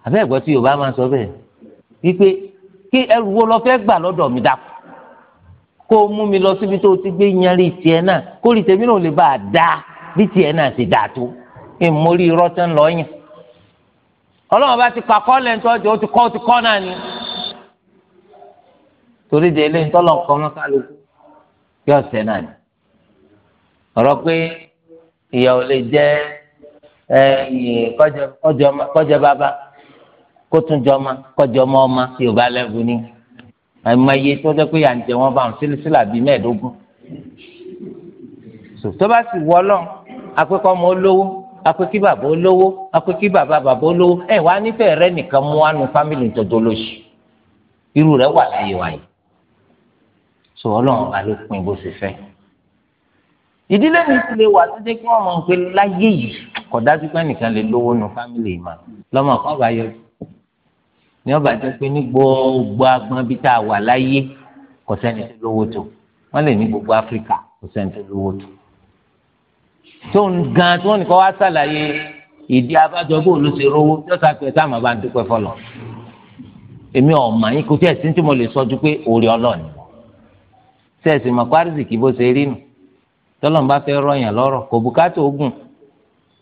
Speaker 1: àbẹ́ ẹ̀gbọ́n tí yorùbá máa sọ bẹ́ẹ̀ wípé kí ẹrù wo lọ fẹ́ gbà lọ́dọ̀ mi dàpọ̀ kó o mú mi lọ síbi tó o ti gbé yanrí tiẹ̀ náà kó rí tèmi náà lè bá a dá bí tiẹ̀ náà ti dà tó kí n mórí irọ́ tán lọ yàn ọlọ́run bá ti pa kọ́lẹ̀ ń tọ́jú ó ti kọ́ ó ti kọ́ náà ni torí de ilé ńtọ́lọ̀ nǹkan mọ́ kálukú bí ọ̀sẹ̀ náà ni ọ̀rọ̀ pé ìyàwó lè jẹ́ kọjá bàbá. kó tún jọma kọjọmọ ọma yorùbá lẹ́bù ni àmọ́ iye tó jẹ́ pé yànjẹ wọn bá ń sílẹ̀sílẹ̀ àbí mẹ́ẹ̀ẹ́dógún tó bá sì wọ́ lọ́n akpẹ́kọ́ ọmọ olówó akpẹ́kí bàbá olówó akpẹ́kí bàbá bàbá olówó ẹ̀ wá nífẹ̀ẹ́ rẹ nìkan mú wánu fámìlì tọ́jọ́ lóṣù irú rẹ wà láyé wáyé so ọlọ́run bá ló pin bó ṣe fẹ́ ìdílé mi ti lè wà títí kí wọ́n mọ̀ pé láyé yìí kọ̀ dájú pé nìkan lè lówó nu fámìlì mà lọ́mọ kọ́ bá yọjú ní ọba jẹ́ pé ní gbogbo agbọn bíi tá a wà láyé kò sẹ́ni tó lówó tó wọ́n lè ní gbogbo áfíríkà kò sẹ́ni tó lówó tó tó ń gan tí wọ́n nìkan wá sàlàyé ìdí abájọ bó ló ṣe rówó tí wọ́n sàpè táwọn àbá ń dúpẹ́ fọlọ́ èmi ọ̀mà yín kò tí ẹ̀ sí tí mo lè sọ pé orí ọlọ́ọ̀ni sẹ́ẹ̀sì mọ̀ kárìsì kì bó ṣe rí nù tọ́lọ́n bá fẹ́ rọ̀yàn lọ́rọ̀ kò bùkátà ogun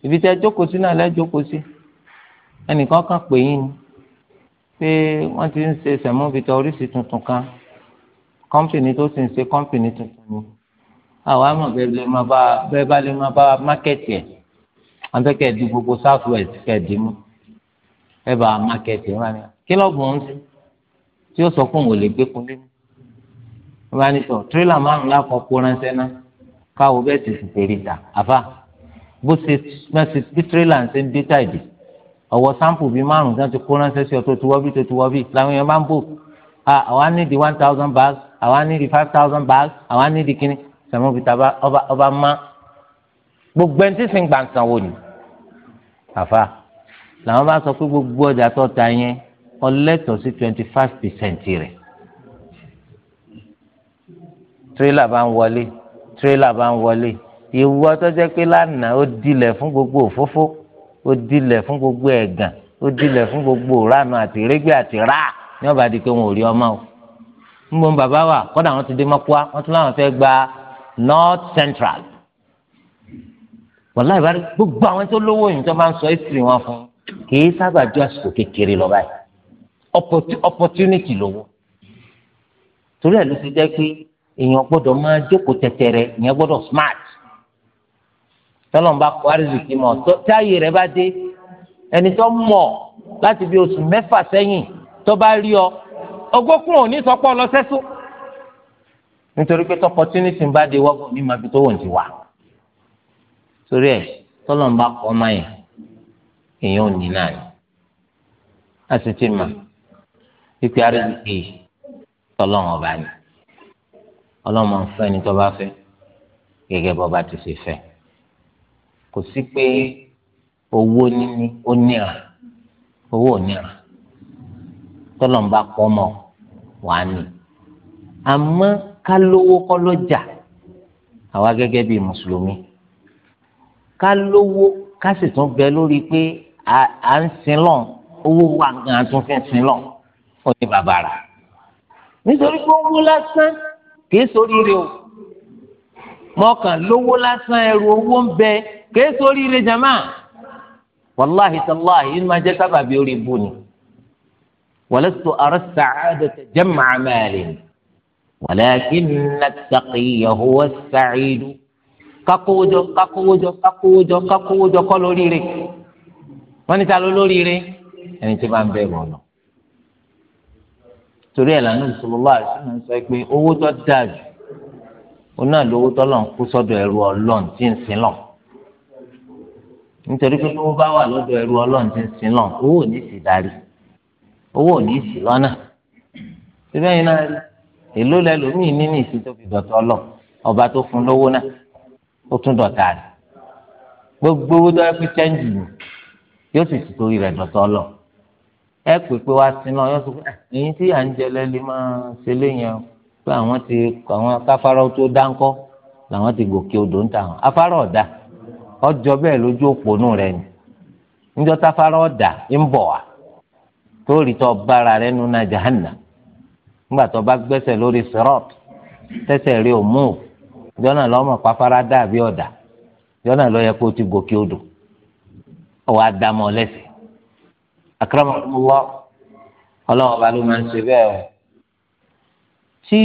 Speaker 1: ibi jókòó sí náà lẹ́ jókòó sí ẹnìkan kan pè yín ni pé wọ́n ti ń ṣe sẹ̀mọ́bìtà oríṣi tuntun kan kọ́mpìnì tó sì ń ṣe kọ́mpìnì tuntun ni àwọn àmọ̀ bẹ́ẹ̀ bá lè máa bá mákẹ́tì ẹ̀ wọ́n fẹ́ kẹ́ ẹ̀ di gbogbo south west kẹ́ ẹ̀ dì mú ẹ̀ bá mákẹ́tì ẹ̀ wá ní kílọ̀bù ń sìn tí ó sọ fún òun ò lè gbé kunlé mú wọ́n bá ní sọ tírélà márùn lákọ̀ọ́kọ́ ránṣẹ́ náà káwọ́ bẹ́ẹ̀ ti sì tèrè dà àfà bó ṣe tírélà ń ṣe ń dé tàìdì ọwọ́ sampo bíi márùn kan ti kó ránṣẹ́ sí ọ tó ti wọ́ bí tó ti wọ́ bí làwọn èèyàn bá ń bò àwa ní di one thousand bags àwa ní di five thousand bags àwa ní di kíní sẹ̀mú bíi taba ọba ọba má gbogbo ẹni tí sìn gbàǹsàn wò ni àfa làwọn bá sọ pé gbogbo ọjà tó ta yẹn ọlẹ́tọ̀ sí twenty five percent rẹ̀ tírélà bá ń wọlé tírélà bá ń wọlé ìwọ tó jẹ́ pé lánàá ó dilẹ̀ fún gbogbo òfófó ó dilẹ̀ fún gbogbo ẹ̀gàn ó dilẹ̀ fún gbogbo òrànù àti régbè àti rà ní ọba di pé wọn ò rí ọmọ o ń bọ́n bàbá wa kọ́dà wọn ti dé mọ́kúá wọn tún láwọn fẹ́ gba north central wàláì bá gbogbo àwọn tó lówó yìí tó máa ń sọ history wọn fún kì í sábà ju àsìkò kékeré lọ báyìí opportunity lówó torí ẹ̀ ló ti jẹ́ pé èèyàn gbọ́dọ̀ máa jókòó tẹ̀tẹ̀rẹ̀ èèyàn gbọ́dọ̀ smart tọ́lọ́n bá kọ́ àrísìkì mọ̀ táyé rẹ̀ bá dé ẹni tó mọ̀ láti bí oṣù mẹ́fà sẹ́yìn tó bá rí ọ ọgọ́kùn òní sọpọ́ lọ sẹ́sùn nítorí pé tọpọtínítì ń bá dé wọ́gbọ̀n ní màbí tó wọ̀n ti wà torí ẹ̀ tọ́lọ́n bá kọ́ ọmọ yẹn èèyàn ò ní náà ni a sì ti mà pípẹ́ àrísìkì tọ́lọ́n ọba ni ọlọ́mọ ń ni tó bá fẹ́ gẹ́gẹ́ ti ṣe fẹ́ kò sí pé owó níní ó níra owó ò níra tọ́lọ́mùbá pọ́ mọ́ wàá nì àmọ́ ká lówó kọ́ lọ́jà àwa gẹ́gẹ́ bíi mùsùlùmí ká lówó ká sì tún bẹ lórí pé à ń sin lọ́n owó wa gan tún fi sin lọ́n ó ní bàbàrà nítorí pé owó lásán kì í sóríire o mọkàn lówó lásán ẹrù owó ń bẹ kèé sórí ilé jama wàláhi tàláhi inú ma jẹ sábàbí orí ibu ni wàlẹ́sọ̀ àrẹ sàcádà tẹ jẹ́ màmẹ́lì wàlẹ́kìn nàtàkì yahuwa sàcídù kakowójọ kakowójọ kakowójọ kakowójọ kọ́ lóríire wọ́n ní ta ló lóríire ẹni tí bá ń bẹ̀ wọ̀ lọ. torí ẹ̀ lànà ìṣòro wa àti ìṣúná sọ pé owó tó dáa jù òun lówó tọ́lọ̀ ń kú sọ́dọ̀ ẹrú ọlọ́run tí ń sin lọ nítorí pé lówó bá wà lọ́dọ̀ ẹrú ọlọ́run tí ń sin lọ owó ò ní sì darí owó ò ní sì lọ́nà síbẹ̀ yìí náà èló lẹ́lòmíì nínú ìsìn tó fi dọ̀tọ̀ lọ ọba tó fún lówó náà ó tún dọ̀tà rẹ̀ gbogbo owó tó yẹ chẹ́ǹjì nù yóò sì ti torí rẹ̀ dọ̀tọ̀ lọ ẹ pè wá sí náà sọ pé ah, ẹ̀yin pé àwọn ti àwọn káfárọ́ tó dáńkọ́ làwọn ti gòkè odò ń ta àwọn afárọ́ ọ̀dà ọjọ́ bẹ́ẹ̀ lójú òpònú rẹ ni níjọ́ táfárọ́ ọ̀dà ń bọ̀ wá tó rí tọ́ bára rẹ náà jahanna nígbà tó bá gbẹ́sẹ̀ lórí sirat tẹ́sẹ̀ rí ìjọ náà pàfárá dàbí ọ̀dà ìjọ náà kó o ti gòkè odò ọwọ́ àdàmọ́ lẹ́sẹ̀ ń ṣe bẹ́ẹ̀ tí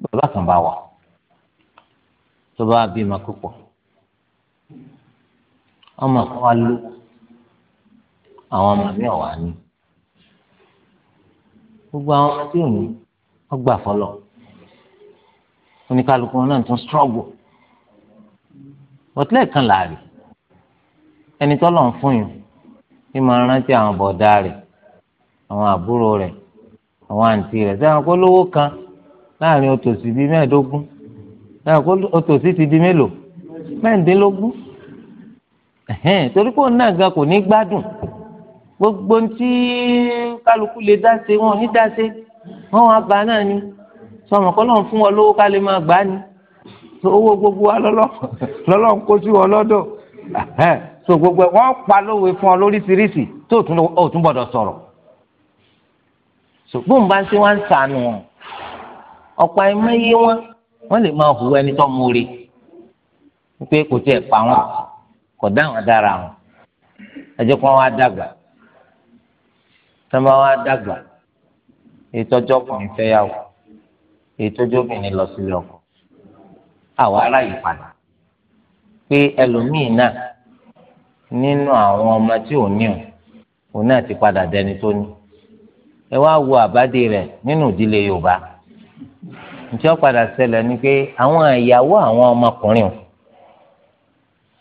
Speaker 1: bàbá kan bá wà tó bá bímọ púpọ̀ ọmọ kan wá ló àwọn ọmọ mi ọ̀wá ni gbogbo àwọn ọmọ tí ò ní wọ́n gbà wọn náà tún struggle bọ́tílẹ̀ kan láàrin ẹni tọ́lọ̀ ń fún yín ní máa rántí àwọn bọ̀dá rẹ̀ àwọn àbúrò rẹ̀ àwọn àǹtí rẹ̀ sẹ́wọ̀n kó lówó kan láàrin òtòsí bíi mẹ́ẹ̀ẹ́dógún òtòsí ti di mélòó mẹ́ẹ̀ẹ́dínlógún torí pé òun náà gan kò ní gbádùn gbogbo ntí kálukú lè dá ṣe wọn ò ní dá ṣe wọn wá bá náà ni sọmọ kọ́ lọ́n fún wọn lówó ká lè máa gbá ni owó gbogbo wa lọ́lọ́ ń kó sí wọn lọ́dọ̀ so gbogbo ẹ̀ wọ́n pa lówe fún ọ lóríṣiríṣi tó ò tún gbọ́dọ̀ sọ̀rọ̀ so bóun ń ṣe wá ń sànù wọn ọ̀pọ̀ àìmọye wọn wọ́n lè máa hùwà ẹni tó múre wípé kò tiẹ̀ pa wọn kò dá wọn dára wọn ẹjẹ́ kó wọn á dàgbà tọ́mọ wọn á dàgbà ìtọ́jú ọkùnrin fẹ́yàwó ìtọ́jú obìnrin lọ sílé ọkọ àwọn ará yìí padà pé ẹlòmíín náà nínú àwọn ọmọ tí ò ní o òun náà ti padà dẹni tó ní ẹ wá wo àbádé rẹ nínú ìdílé Yorùbá ntí wọn padà ni pé àwọn ìyàwó àwọn ọmọkùnrin o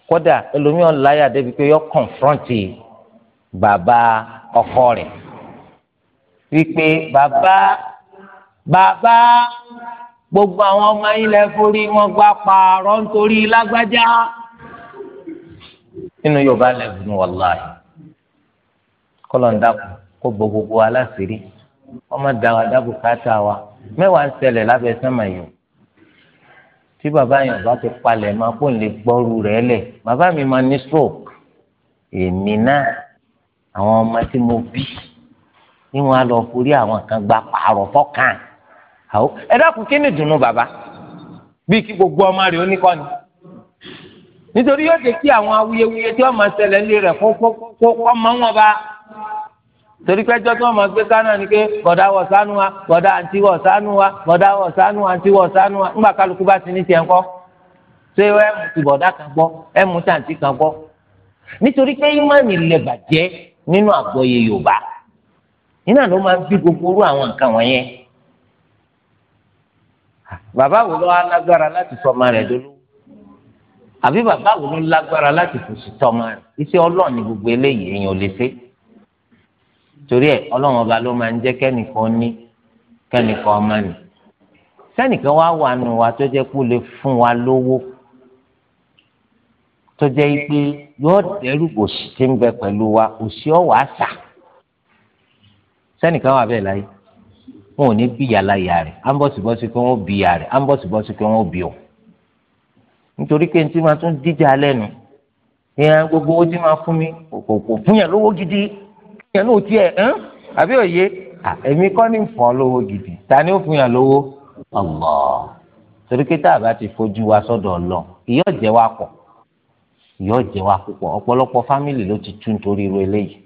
Speaker 1: kódà ẹlòmíràn láyà débi pé yọ kọ̀nfrọ́ǹtì bàbá ọkọ rẹ̀ wípé bàbá bàbá gbogbo àwọn ọmọ yín lẹ forí wọn gbá pààrọ̀ nítorí lágbájá nínú yorùbá lẹ́gùn wàláyé kọ́lọ̀ ń dákun kó gbogbo aláṣírí ọmọ dáwà dábùkátà wa mẹ́wàá ń ṣẹlẹ̀ lábẹ́ sánmà yìí tí bàbá yẹn bá ti palẹ̀ máa kó lè gbọ́rú rẹ̀ lẹ̀ bàbá mi máa ní stroke èmi náà àwọn ọmọ tí mo bí ni wọn á lọ forí àwọn kan gba pààrọ̀ fọ́kàn àwọn ẹ dákun kí ni dùnú bàbá bí kí gbogbo ọmọ rẹ̀ ó ní kọ́ ni nítorí yóò jẹ́ kí àwọn awuyewuye tí wọ́n máa ṣẹlẹ̀ lé rẹ̀ kó ọmọ wọn bá. torí pẹ́jọ́ tí ọma máa gbé kánà bọda pé bọda wọ̀ sánú wa bọ̀dá àǹtí wọ̀ sánú wa bọ̀dá wọ̀ sánú àǹtí wọ̀ sánú wa ńgbà kálukú bá ti ní tiẹ̀ ńkọ́ ṣé ẹ mú ti bọ̀dá kan gbọ́ ẹ mú ti àǹtí kan gbọ́ nítorí pé ìmánì lè bàjẹ́ nínú Yorùbá iná ló máa lágbára láti ọmọ àbí bàbá lágbára láti ọmọ torí ẹ ọlọ́run ọba ló máa ń jẹ́ kẹ́nìkan ní kẹ́nìkan ọmọ nì sẹ́nìkan wá wà nù wa tó jẹ́ kó lè fún wa lówó tó jẹ́ pé yóò dẹ́rù òṣì tí ń bẹ pẹ̀lú wa òṣì ọ̀wà àṣà sẹ́nìkan wà bẹ́ẹ̀ láyé wọn ò ní bí yàrá yàrá rẹ̀ á ń bọ̀sibọ́sí pé wọ́n bí yàrá rẹ̀ á ń bọ̀sibọ́sí pé wọ́n bí ọ̀ nítorí pé tí máa tún díjà lẹ́nu ìyẹn gbogbo ó ti máa fún mi kò kò fún yàn lówó gidi ẹnu ò tiẹ̀ ń àbí òye èmi kọ́ ní fọ́ lówó gidi ta ni ó fún yàn lówó Allah torí pé tá a bá ti fojú wa sọ́dọ̀ ọlọ ìyọ́ wa wa fámìlì ló ti tún torí irú eléyìí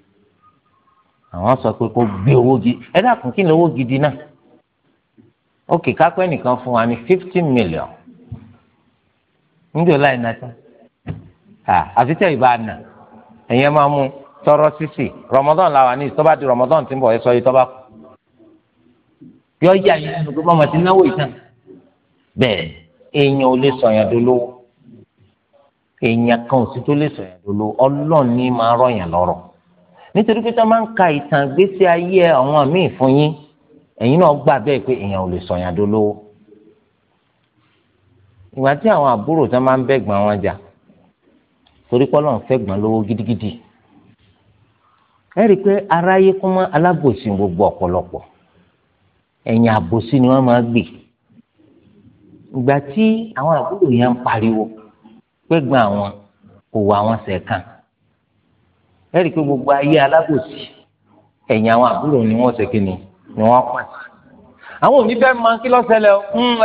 Speaker 1: àwọn sọ pé kó gbé owó gidi ẹ dákun kí ni owó gidi náà ókè kápẹ́ nìkan fún wa ní fifty million láì ìbá nà ẹ̀yẹ́ máa mú tọrọ sisi rọmọdán làwọn ní tọba di rọmọdán tí ń bọ̀ ẹ sọ yìí tọba kù yọ yà yín lẹ́nu pé bọmọ ti náwó ìtàn bẹ́ẹ̀ èèyàn ò lè sọyàn dolówó èèyàn kan ò sì tó lè sọyàn dolówó Ọlọ́run ní máa rọyàn lọ́rọ̀ nítorí pé tó máa ń ka ìtàn gbésí ayé àwọn míì fún yín ẹ̀yin náà gbà bẹ́ẹ̀ pé èèyàn ò lè sọyàn dolówó ìgbà tí àwọn àbúrò tó máa ń bẹ̀gbọ́n wọn jà torí pé ẹ rí i pé aráyé kún mọ́ alábòsí gbogbo ọ̀pọ̀lọpọ̀ ẹ̀yìn àbòsí ni wọ́n máa gbè ìgbà tí àwọn àbúrò yẹn ń pariwo pẹ́gbọ́n àwọn kò wọ àwọn sẹ̀kan ẹ rí i pé gbogbo ayé alábòsí ẹ̀yìn àwọn àbúrò ni wọ́n ṣe kí ni ni wọ́n pọ̀ sí àwọn òní fẹ́ máa kí lọ́sẹ̀lẹ̀ hmm,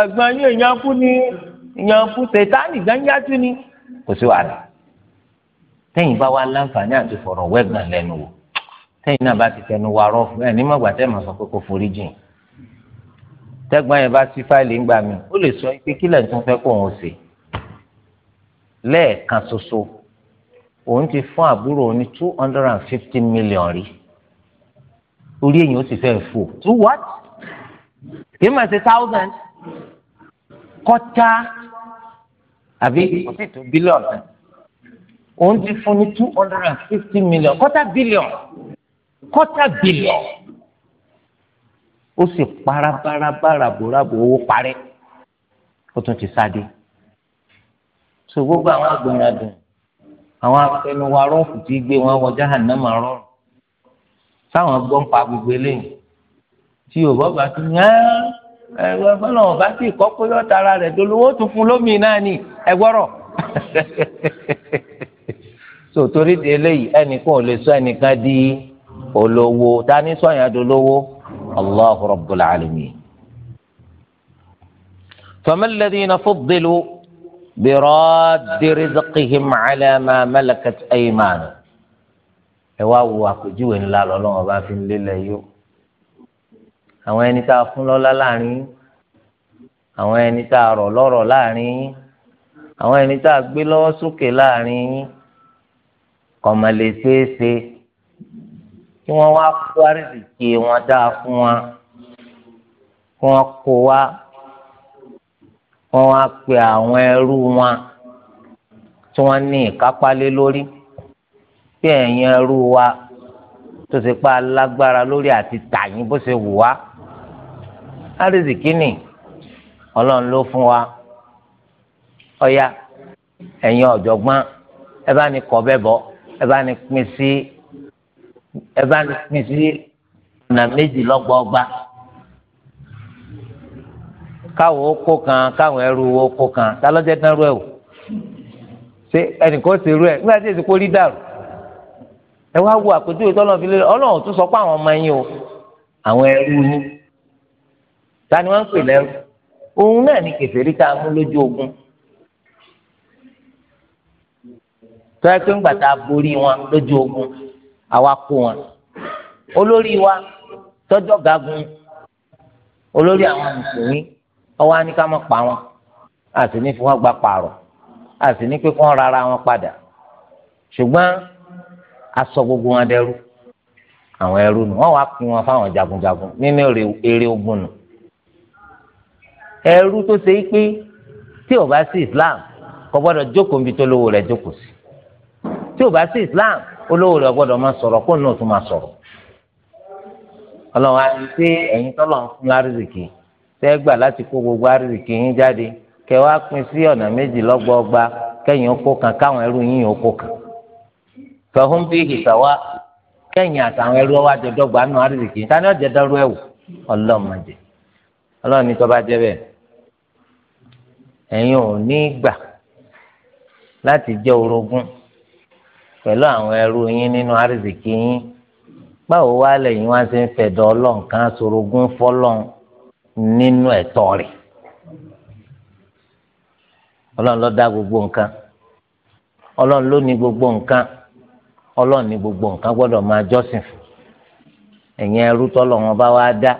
Speaker 1: ẹ̀gbọ́n yín èèyàn kú ni èèyàn kú sẹ̀tánì gbáńjá tún ni kò sí wàhálà tẹ́yìn bá wá láǹfààní àti fọ̀rọ̀ wẹ́gàn lẹ́nu wò tẹ́yìn náà bá ti tẹnu wa rọ́ fún ẹ̀ ní mọ̀gbà tẹ́ mọ̀ sọ pé kò forí jìn tẹ́gbọ́n yẹn bá sí fáìlì ń gbà mí ó lè sọ pé kílẹ̀ tún fẹ́ kó òun ṣe lẹ́ẹ̀kan ṣoṣo òun ti fún àbúrò òun ní two hundred and fifty million rí orí èyàn ó sì fẹ́ fò two what kì í mà ṣe thousand kọ́tà àbí kò sí tó bílíọ̀nù òun ti fún ní two hundred and fifty million quarter billion quarter billion ó sì para bárabarabòrabò owó parẹ́ ó tún ti sáde so gbogbo àwọn agbọ̀nradùn àwọn afẹnuwa rọ́ọ̀fù tí gbé wọn wọ jahannama rọrùn sáwọn gbọ́n pa gbogbo eléyìí tí yorùbá bá ti ní ẹgbẹ́ fọlọ́wọ́n bá sì kọ́ pé yọ̀ọ́ tara rẹ̀ dolówó tún fún lómìnira ni ẹgbọ́rọ̀. so torí di eléyìí ẹnìkan ò lè sọ ẹnìkan di olówó ta ni sọ yẹn dolówó Allahu Rabbul Alamin. فما الذين فضلوا براد رزقهم على ما ملكت أيمانهم ẹ wá wo àpèjúwe ńlá lọ́lọ́wọ́n bá fi ń lélẹ̀ yó àwọn ẹni tá a fún lọ́lá láàrin àwọn ẹni tá a rọ̀ lọ́rọ̀ láàrin àwọn ẹni tá a gbé lọ́wọ́ sókè láàrin yín kọ̀mọ̀ lè ṣeé ṣe kí wọ́n wá kó àrísìkí wọn dáa fún wa kí wọ́n kó wa wọ́n wá pe àwọn ẹrú wọn tí wọ́n ní ìkápá lé lórí bí ẹ̀yin ẹrú wa tó ṣe pa alágbára lórí àti tàyín bó ṣe wù wá àrísìkí ni ọlọ́run ló fún wa ọ̀ya ẹ̀yin ọ̀jọ̀gbọ́n ẹ bá ní kọ́ bẹ́ẹ̀ bọ́ ẹ bá ní pín sí ẹ bá ní pín sí ọ̀nà méjì lọ́gbọọgba káwọn oko kan káwọn ẹrú oko kan tálọ́jẹ́ dánrú ẹ̀ wò ṣé ẹnìkan ti rú ẹ̀ nígbà tí èsì kò rí dàrú ẹ wá wo àpèjúwe tọ́lọ́ fi lé ọlọ́run tún sọ pé àwọn ọmọ yín o àwọn ẹrú ni ta ni wọ́n ń pè lẹ́rú òun náà ni kèfèrí tá a mú lójú ogun tọ́yẹ pé ńgbà tá a borí wọn lójú ogun àwa kó wọn olórí wa tọ́jọ́ gagun olórí àwọn mùsùlùmí ọwọ́ á ní ká má pa wọn a sì ní fi wọn gba pààrọ̀ a sì ní pé kí wọ́n rárá wọn padà ṣùgbọ́n a sọ gbogbo wọn dẹrú àwọn ẹrú nù wọn wá pín wọn fáwọn jagunjagun nínú eré ogun nù ẹrú tó ṣe é pé tí ò bá sí Islam kò gbọ́dọ̀ jókòó níbi tó lówó rẹ̀ jókòó sí tí ò bá sí islam olówó rẹ̀ gbọ́dọ̀ máa sọ̀rọ̀ kó náà tún máa sọ̀rọ̀ ọlọ́run àti pé ẹ̀yin tọ́lọ̀ ń fún àrísìkì tẹ́ gbà láti kó gbogbo àrísìkì yín jáde kẹ́ wá pín sí ọ̀nà méjì lọ́gbọọgba kẹ́yìn okó kan káwọn ẹrú yín okó kan fẹ̀hún bí ìfẹ̀wá kẹ́yìn àtàwọn ẹrú wa jọ dọ́gba nù àrísìkì tani ọ̀jẹ̀ dọ́rú ẹ̀wù ọlọ́mọdé ọlọ́run ní tọ́ba jẹ́ bẹ́ẹ̀ ẹ̀yin ò ní gbà láti jẹ́ orogún pẹ̀lú àwọn ẹrú yín nínú àrísìkí yín báwo wá lẹ́yìn wá ṣe ń fẹ̀dọ̀ ọlọ́run sorogún fọ́lọ́run nínú ẹ̀tọ́ rẹ̀ ọlọ́run ló dá gbogbo nǹkan ọlọ́run ló ní gbogbo nǹkan ọlọ́run ní gbogbo nǹkan gbọ́dọ̀ máa jọ́sìn fún ẹ̀yin ẹrú tọ́lọ̀ wọn bá wá dá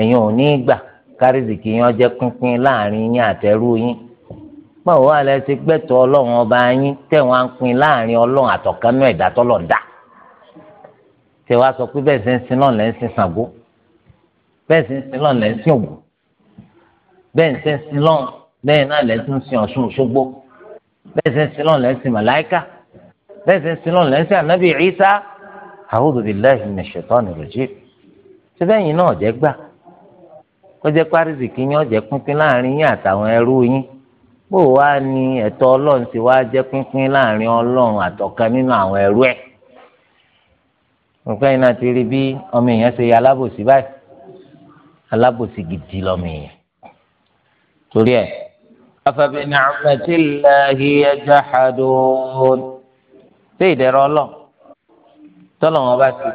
Speaker 1: ẹ̀yin ò ní gbà kárìsìkì yín ó jẹ́ pínpín láàrin yín àtẹrú yín báwo wà lẹ ti gbẹtọ Ọlọ́run ọba yín tẹwọn à ń pín láàrin Ọlọ́run àtọkánú ẹ̀dá tọlọ dá tẹwàá sọ pé bẹ́ẹ̀ sì ń sin náà lẹ ń sin Ṣàngó bẹ́ẹ̀ sì ń sin náà lẹ ń sin Ògún bẹ́ẹ̀ sì ń sin náà lẹ́yìn náà lẹ ń sin Ọ̀ṣun Òṣogbo bẹ́ẹ̀ sì ń sin náà lẹ ń sin màláìka bẹ́ẹ̀ sì ń sin náà lẹ ń sin ànábì Ìsá a'udhu billahi minash shaitani ṣé bẹ́ẹ̀ yín náà jẹ́ gbà kó jẹ́ párìsì kí yín ọ̀jẹ̀ pínpín láàrin yín àtàwọn ẹrú yín bó o wá ní ẹ̀tọ́ ọlọ́run ti wá jẹ́ pínpín láàrin ọlọ́run àtọ̀kan nínú àwọn ẹrú ẹ̀ nǹkan iná ti rí bí ọmọ èèyàn ṣe yẹ alábòsí báyìí alábòsí gidi lọmọ èèyàn torí ẹ̀ afabi ni'amati llahi yajhadun ṣé ìdẹ̀rọ̀ ọlọ́ tọ́lọ̀ wọn bá ti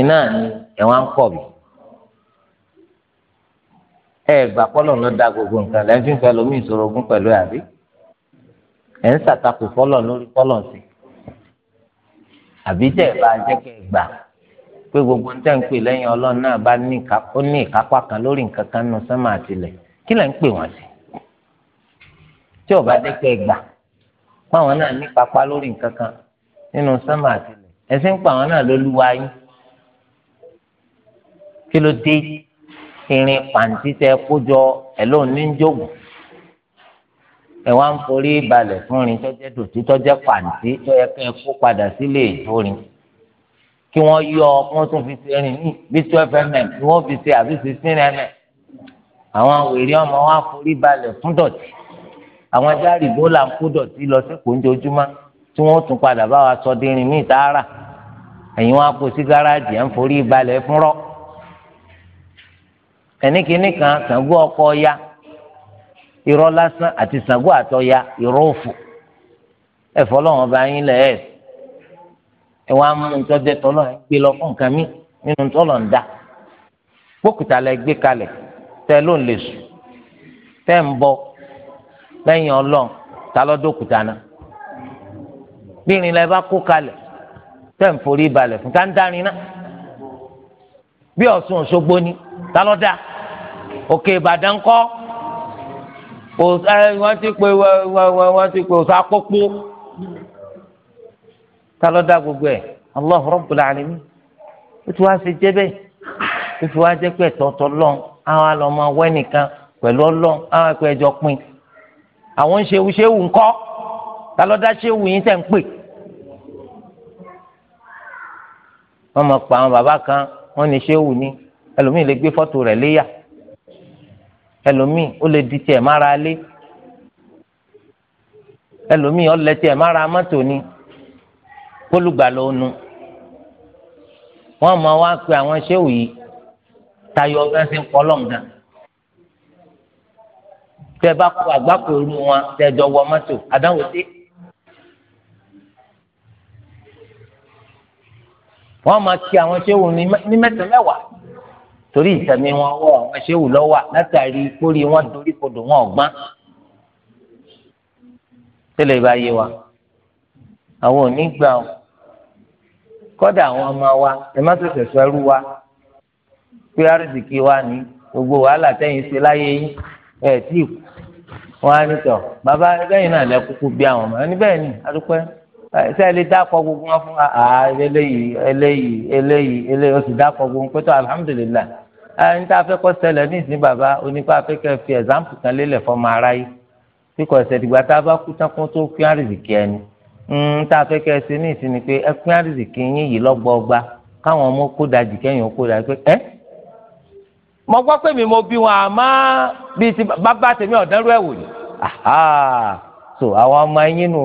Speaker 1: iná ni ẹ̀wọ̀n ń pọ̀ bíi ẹ gbà kọlọ ló da gbogbo nǹkan lẹ́yìn fífẹ lomi ìṣòro ogun pẹ̀lú àbí ẹ ń ṣàtakò fọlọ lórí kọlọ sí àbí tẹ ẹ bá jẹ kẹ gbà pé gbogbo ń tẹ́ ń pè lẹ́yìn ọlọ́run náà bá ní ìkápá kan lórí nǹkan kan nù sánmà àtìlẹ̀ kí lẹ́ ń pè wọ́n sí tí ọba jẹ kẹ gbà páwọn náà ní ìkápá lórí nǹkan kan nínú sánmà àtìlẹ̀ ẹ sì náà lólúwa yín kí ló dé yìí irin pàǹtí tẹ kójọ ẹ lóun ní jógùn ẹ wá ń forí balẹ̀ fún irin tọ́jẹ́ dòtí tọ́jẹ́ pàǹtí tó yẹ kẹ́ ẹ kó padà sílé ìdórin kí wọ́n yọ wọ́n tún fi ṣe rìn ní bí twelve mm ni wọ́n fi ṣe àbí sixteen mm àwọn wèrè ọmọ wa forí balẹ̀ fún dọ̀tí àwọn járe ìbò là ń kó dọ̀tí lọ sí kòńjojúmọ́ tí wọ́n tún padà bá wa sọ dínrín ní ìtara ẹ̀yin wọn kó sí gáràjì ẹ̀ ń forí balẹ̀ fún ẹnikẹ́ni kan Ṣàngó ọkọ ya irọ lásán àti Ṣàngó àtọ ya irọ òfò ẹfọ lọ́wọ́n bá yín lẹ̀ ẹ̀ ẹ̀ wọ́n mú ntọ́jẹ́ gbé lọ fún nǹkan mi nínú tọlọ ń dá lẹ gbé kalẹ̀ tẹ ló ń lè sùn tẹ ń bọ náà òkè ìbàdàn kọ́ wọ́n ti pe wọ́n ti pe òsà pópó ta ló dá gbogbo ẹ̀ allah rabbul alamin ó ti wá ṣe jẹ́ bẹ́ẹ̀ ó fi wá jẹ́ pé ẹ̀tọ́tọ́ lọ́n àwọn àlọ́mọ wẹ́nìkan pẹ̀lú ọlọ́n àwọn ẹ̀kọ́ ẹ̀jọ̀ pin àwọn ń ṣewu ṣewu ńkọ́ ta ló dá ṣewu yín tẹ̀ ń pè wọ́n mọ̀ pa àwọn bàbá kan wọ́n ní ṣewu ni ẹlòmíì lè gbé fọ́tò rẹ̀ léyà ẹlòmíì ó lè di tiẹ̀ mára lé ẹlòmíì ó lè tiẹ̀ mára mọ́tò ni kólùgbà ló nu wọ́n máa wá pe àwọn ṣéwù yìí tayọ ọgbẹ́ sí ń kọ́ lọ́ǹgà tẹ bá kó àgbákò irú wọn tẹ jọ wọ mọ́tò àdáwò dé. wọ́n máa kí àwọn ṣéwù ní mẹ́sàn-án mẹ́wàá torí ìtẹ̀mí wọn wọ àwọn ṣéwù lọ́wọ́ látàrí kórì wọn dorí kodò wọn ọ̀gbọ́n tẹ́lẹ̀ bá yé wa àwọn òní gbà ó kọ́dà àwọn ọmọ wa ẹ má ṣẹ̀ṣẹ̀ fẹ́rú wa pé àrísìkí wa ní gbogbo wàhálà tẹ́yìn ṣe láyé yín ẹ̀ tí ì wọn á ní tọ̀ bàbá lẹ́yìn náà lẹ́kúkú bí àwọn ọmọ ẹni bẹ́ẹ̀ ni adúpẹ́ ṣé ẹ lè dákọ̀ gbogbo wọn fún wa àá eléyìí eléyìí eléyìí eléyìí ó sì dákọ̀ gbogbo pẹ́tọ́ alhamdulilayi ẹni tá a fẹ́ kọ́ ṣẹlẹ̀ ní ìsìn bàbá onípa afẹ́kẹ́ fi ẹ̀zámpù kan lélẹ̀ fọmọ ara yìí kíkọ ẹsẹ̀ dìgbà tá a bá kú tán kó tó pín àrìsìkì ẹni ń tá a fẹ́kẹ́ ṣe ní ìsìn ni pé ẹ pín àrìsìkì yín yìí lọ́gbọọgba káwọn ọmọ kó dajì kẹ́yìn kó dajì pé ẹ́ mo gbọ́ pé mi mo bí wọn àmọ́ bíi ti bàbá tèmi ọ̀dánrú ẹ̀ wò ni so àwọn ọmọ yín nù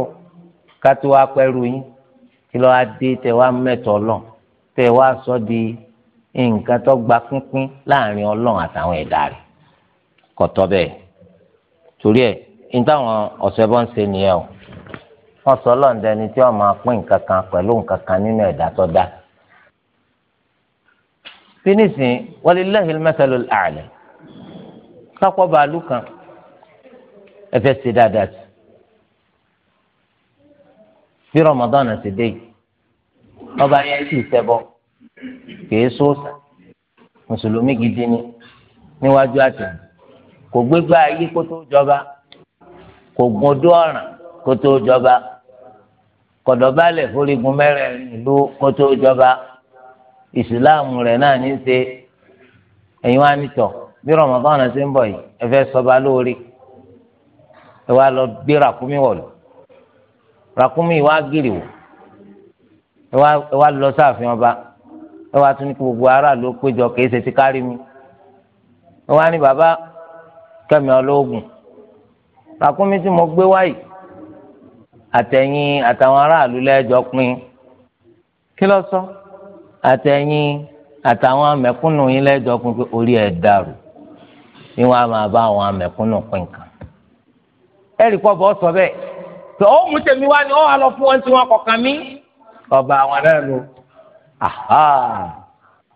Speaker 1: ká tó wá pẹ́rù yín kí lọ́ọ́ adé tẹ wá mẹ́tọ̀ọ́ lọ tẹ wá sọ di nǹkan tó gba pínpín láàrin ọlọ́run àtàwọn ẹ̀dá rẹ̀ kò tọ́ bẹ́ẹ̀ torí ẹ̀ ní táwọn ọ̀sẹ̀ bọ́ ń ṣe nìyẹn o wọ́n sọ lọ́ọ̀dẹ ni tí wọ́n máa pín nǹkan kan pẹ̀lú nǹkan kan nínú ẹ̀dá tó dá finisi walilahi masalul aala kakọ baalu kan ẹ ṣe dáadáa sí bí ramadan ti dé ọba yẹn sì ṣẹbọ kìí sóòsà mùsùlùmí gidi ni níwájú àtẹ̀yìn kò gbégbá ayé kó tó jọba kò gbọdọ̀ ọ̀ràn kó tó jọba kọ̀dọ̀bálẹ̀ forígun mẹ́rẹ̀ẹ̀rin ìlú kó tó jọba ìsìláàmù rẹ̀ náà ní í ṣe ẹ̀yin wá nítọ̀ bí rọ̀mọ̀bọ́n ṣe ń bọ̀ yìí ẹ fẹ́ sọba lóore ẹ wá lọ gbé ràkúmí wọ̀lú ràkúmí wá gírì wò ẹ wá lọ sáàfin ọba ẹ wá tún ní kí gbogbo aráàlú péjọ kìí ṣe ti kárí mi ẹ wá ní bàbá kẹmi ọlọ́ọ̀gùn ràkúnmí tí mo gbé wáyìí àtẹ̀yìn àtàwọn aráàlú lẹ́jọ́ pín kí ló sọ àtẹ̀yìn àtàwọn mẹ̀kúnnù yín lẹ́jọ́ pín pé orí ẹ̀ dàrú ni wọ́n á máa bá àwọn mẹ̀kúnnù pín kan ẹ̀rí kọ́ bọ́ sọ bẹ́ẹ̀ tó ó mú tèmi wá ni ó wà lọ fún wọn tí wọ́n kọ̀ọ̀kan mí ọba àwọn náà lò àhá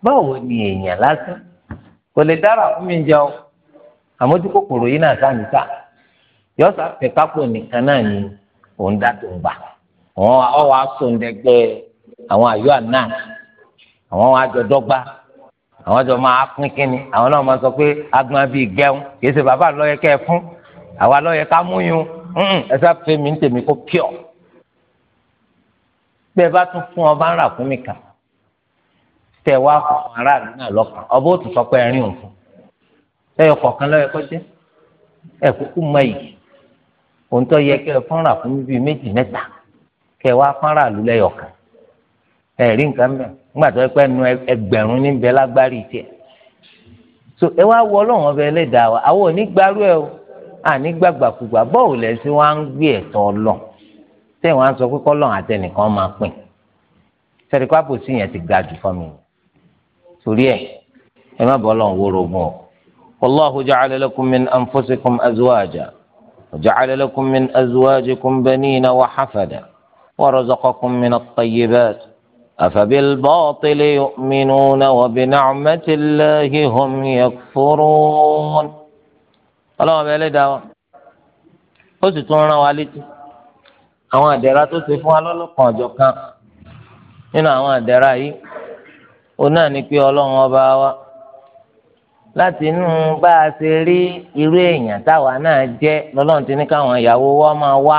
Speaker 1: báwo ni èèyàn lásán kò lè dára fún mi jẹ o àmójú kòkòrò yìí náà sáà níta yóò sá fẹ kápò nìkan náà ni òun dá tó ń gbà wọn ọwọ asọǹdẹgbẹ àwọn àyọ àná àwọn àjọ dọ́gba àwọn àjọ máa pín kínní àwọn náà máa sọ pé agbọn bíi gẹun kìí ṣe bàbá lọ́yẹ kẹ́ ẹ fún àwa lọ́yẹ ká múyún ẹ sá fẹ́ mi ń tèmi kó pure bẹ́ẹ̀ bá tún fún ọ bá ń rà fún mi kàn tẹ wá fún aráàlú náà lọ́kàn ọba ó tún sọ pé ẹrin òun fún ẹyọ kọ̀ọ̀kan lọ́yẹ kọ́ jẹ́ ẹ kúkú mọ èyí òun tó yẹ kẹ fọ́nrà fún bíi méjì mẹ́ta kẹ wá fọ́nrà lù lẹ́yọ kan ẹ rí nǹkan mẹ́ nígbà tó yẹ pé nu ẹgbẹ̀rún níbẹ̀ lágbárí tiẹ̀ so ẹ wá wọ ọlọ́run ọbẹ̀ ẹlẹ́dàá wa àwọn ò ní gbarú ẹ o àní gbàgbàkúgbà bọ́ọ̀lù lẹ́sìn wa ń gbé ẹ̀tọ́ ọlọ́run tẹ́wọ̀n á sọ pé kọ́lọ́run àtẹnìkan máa pín sẹ́ríkọ́ àpòsí yẹn ti ga jù fún mi torí ẹ̀ ẹ má bọ́ lọ́n wóró mọ́ ọ. والله جعل لكم من أنفسكم أزواجا وجعل لكم من أزواجكم بنين وحفدا ورزقكم من الطيبات أفبالباطل يؤمنون وبنعمة الله هم يكفرون ọlọ́wọ́n bẹ́ẹ̀ lé da wa ó sì tún rán wa létí àwọn àdẹ̀rà tó ṣe fún wa lọ́lọ́kan ọ̀jọ̀ kan nínú àwọn àdẹ̀rà yìí òun náà pé ọlọ́run ọba wa láti inú bá a ṣe rí irú èèyàn táwa náà jẹ́ lọ́lọ́run ti ní káwọn ìyàwó wa máa wá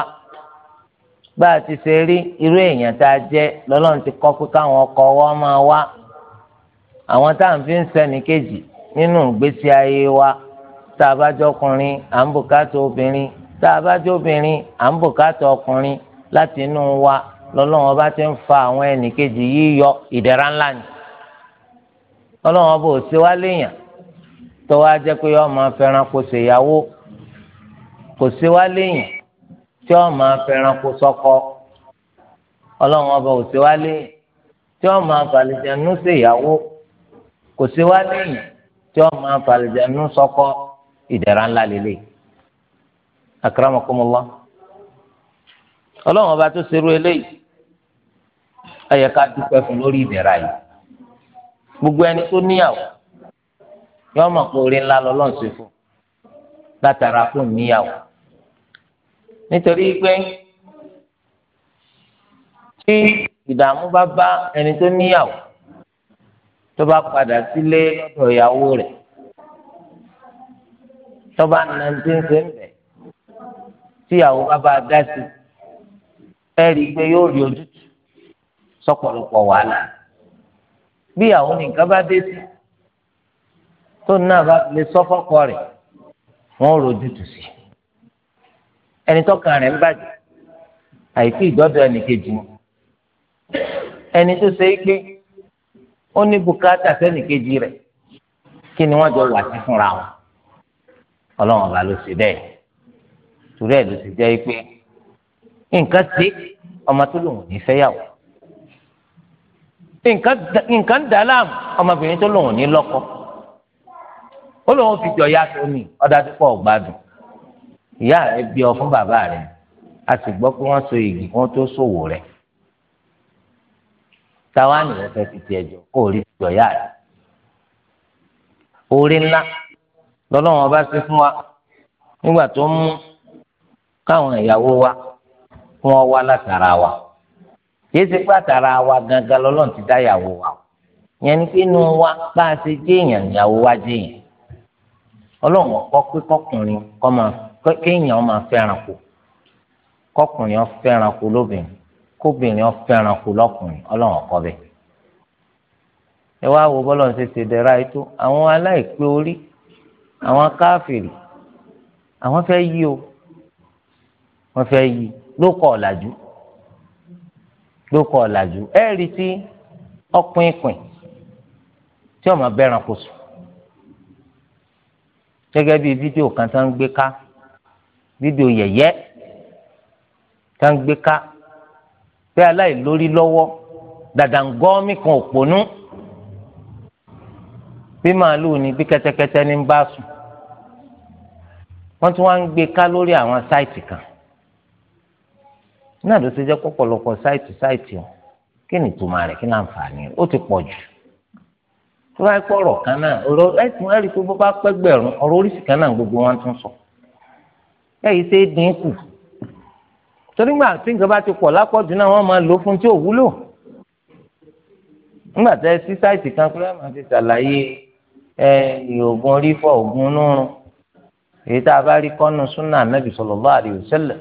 Speaker 1: bá a ti ṣe rí irú èèyàn tá a jẹ́ lọ́lọ́run ti kọ́ pé káwọn ọkọ wa máa wá àwọn tá à ń fi ń sẹ́ni kejì nínú ìgbésí ayé wa tá a bá jọ ọkùnrin à ń bùkátà obìnrin tá a bá jọ obìnrin à ń bùkátà ọkùnrin láti inú wa lọ́lọ́run ọba ti ń fa àwọn ẹnì kejì yíyọ ìdẹ̀ra ńlá ni. ọlọ́run ọba ò ṣe wá léèyàn tó wá jẹ́ pé ó máa fẹ́ràn kó ṣe ìyàwó kò ṣe wá léèyàn tí ó máa fẹ́ràn kó sọ́kọ ọlọ́run ọba ò ṣe wá léèyàn tí ó máa fàlìjẹ̀nú ṣe ìyàwó kò ṣe wá léèyàn tí ó máa fàlìjẹ̀nú sọ́kọ ìdẹ̀ra ńlá lélẹ̀ akramakumullah ọlọ́run ọba tó ṣerú eléyìí ó ká dúpẹ́ fún lórí ìdẹ̀ra yìí gbogbo ẹni tó níyàwó yọọ mọ̀ pé orí ńlá lọ́lọ́run ṣe fún látara fún níyàwó nítorí pé tí ìdààmú bá bá ẹni tó níyàwó tó bá padà sílé lọ́dọ̀ ìyàwó rẹ̀ tó bá nà ń tí ń ṣe ń bẹ̀ tíyàwó bá bá dá sí ẹ rí i pé yóò rí ojútùú sọ́pọ̀lọpọ̀ wàhálà bí àwọn nìkan bá dé sí tó náà bá lè sọ fọ́kọ rẹ̀ wọ́n rojú tù sí ẹni tọ́kàn rẹ̀ ń bàjẹ́ àìkú ìdọ́dọ̀ ẹnìkejì ẹni tó ṣe é pé ó ní bùkátà sẹ́nìkejì rẹ̀ kí ni wọ́n jọ wà sí fúnra wọn ọlọ́run ọba ló ṣe bẹ́ẹ̀ torí ló ṣe jẹ́ pé nǹkan ṣe ọmọ tó lòun ní fẹ́yàwó nǹkan dà láàmú ọmọbìnrin tó lòun ní lọ́kọ ó lòun fi jọ ya tó ní ọ̀dà tó pọ̀ gbádùn ìyá rẹ̀ bí ọ fún bàbá rẹ̀ a sì gbọ́ pé wọ́n so igi wọ́n tó ṣòwò rẹ̀ táwa nìyẹn fẹ́ fi tiẹ̀ jọ kó o rí jọ ya rẹ̀ orí ńlá lọ́lọ́wọ́n bá ṣe fún wa nígbà tó ń mú káwọn ìyàwó wa kí wọ́n wá látara wa kìí ṣe pàtàrà wa gangan lọ́lọ́run ti dá ìyàwó wa yẹn ni pé inú wa bá a ṣe jẹ́ èèyàn ìyàwó wa jẹ́ èèyàn ọlọ́run ọ̀pọ̀ pé kọkùnrin kéèyàn máa fẹ́ràn kù kọkùnrin ó fẹ́ràn kù lóbìnrin kóbìnrin ó fẹ́ràn kù lọ́kùnrin ọlọ́run ọ̀kọ́ bẹ́ẹ̀. ẹ wá wo bọ́lọ̀ ṣe ṣe dẹ́ra ètò àwọn aláìpé orí àwọn káfìrì àwọn fẹ́ yí o wọ́n fẹ́ yí ló ọ̀làjú ló kọ ọ̀làjú ẹ rí tí ọpin ìpín tí ọmọ bẹ́ran kò sùn gẹ́gẹ́ bí fídíò kan tá ń gbé ká fídíò yẹ̀yẹ́ tá ń gbé ká pé aláìlórí lọ́wọ́ dàdàngọ́mì kan òpònú bí màálùú ni bí kẹ́tẹ́kẹ́tẹ́ ní bá sùn wọ́n tún wá ń gbé ká lórí àwọn sáìtì kan náà ló ṣe jẹ́ pọ̀pọ̀lọpọ̀ sáìtì sáìtì o kí ni ìtumọ̀ rẹ̀ kí ni àǹfààní rẹ̀ ó ti pọ̀ jù tó bá pọ̀ ọ̀rọ̀ kan náà ọ̀rọ̀ ẹ̀sìn ẹ̀rí tó bá pẹ́ gbẹ̀rún ọ̀rọ̀ oríṣi kan náà gbogbo wọn tún sọ ẹ̀yìn ṣe é dín kù torí gbà tí nǹkan bá ti pọ̀ lápọ̀jù náà wọ́n máa lò fún tí ò wúlò nígbà tẹ sí sáìtì kan pé máa ti ṣàlàyé ìrògùn orí fọ́ ògùn onírun èyí tá a bá rí kọ́nù súnà nàbì sallallahu alaihi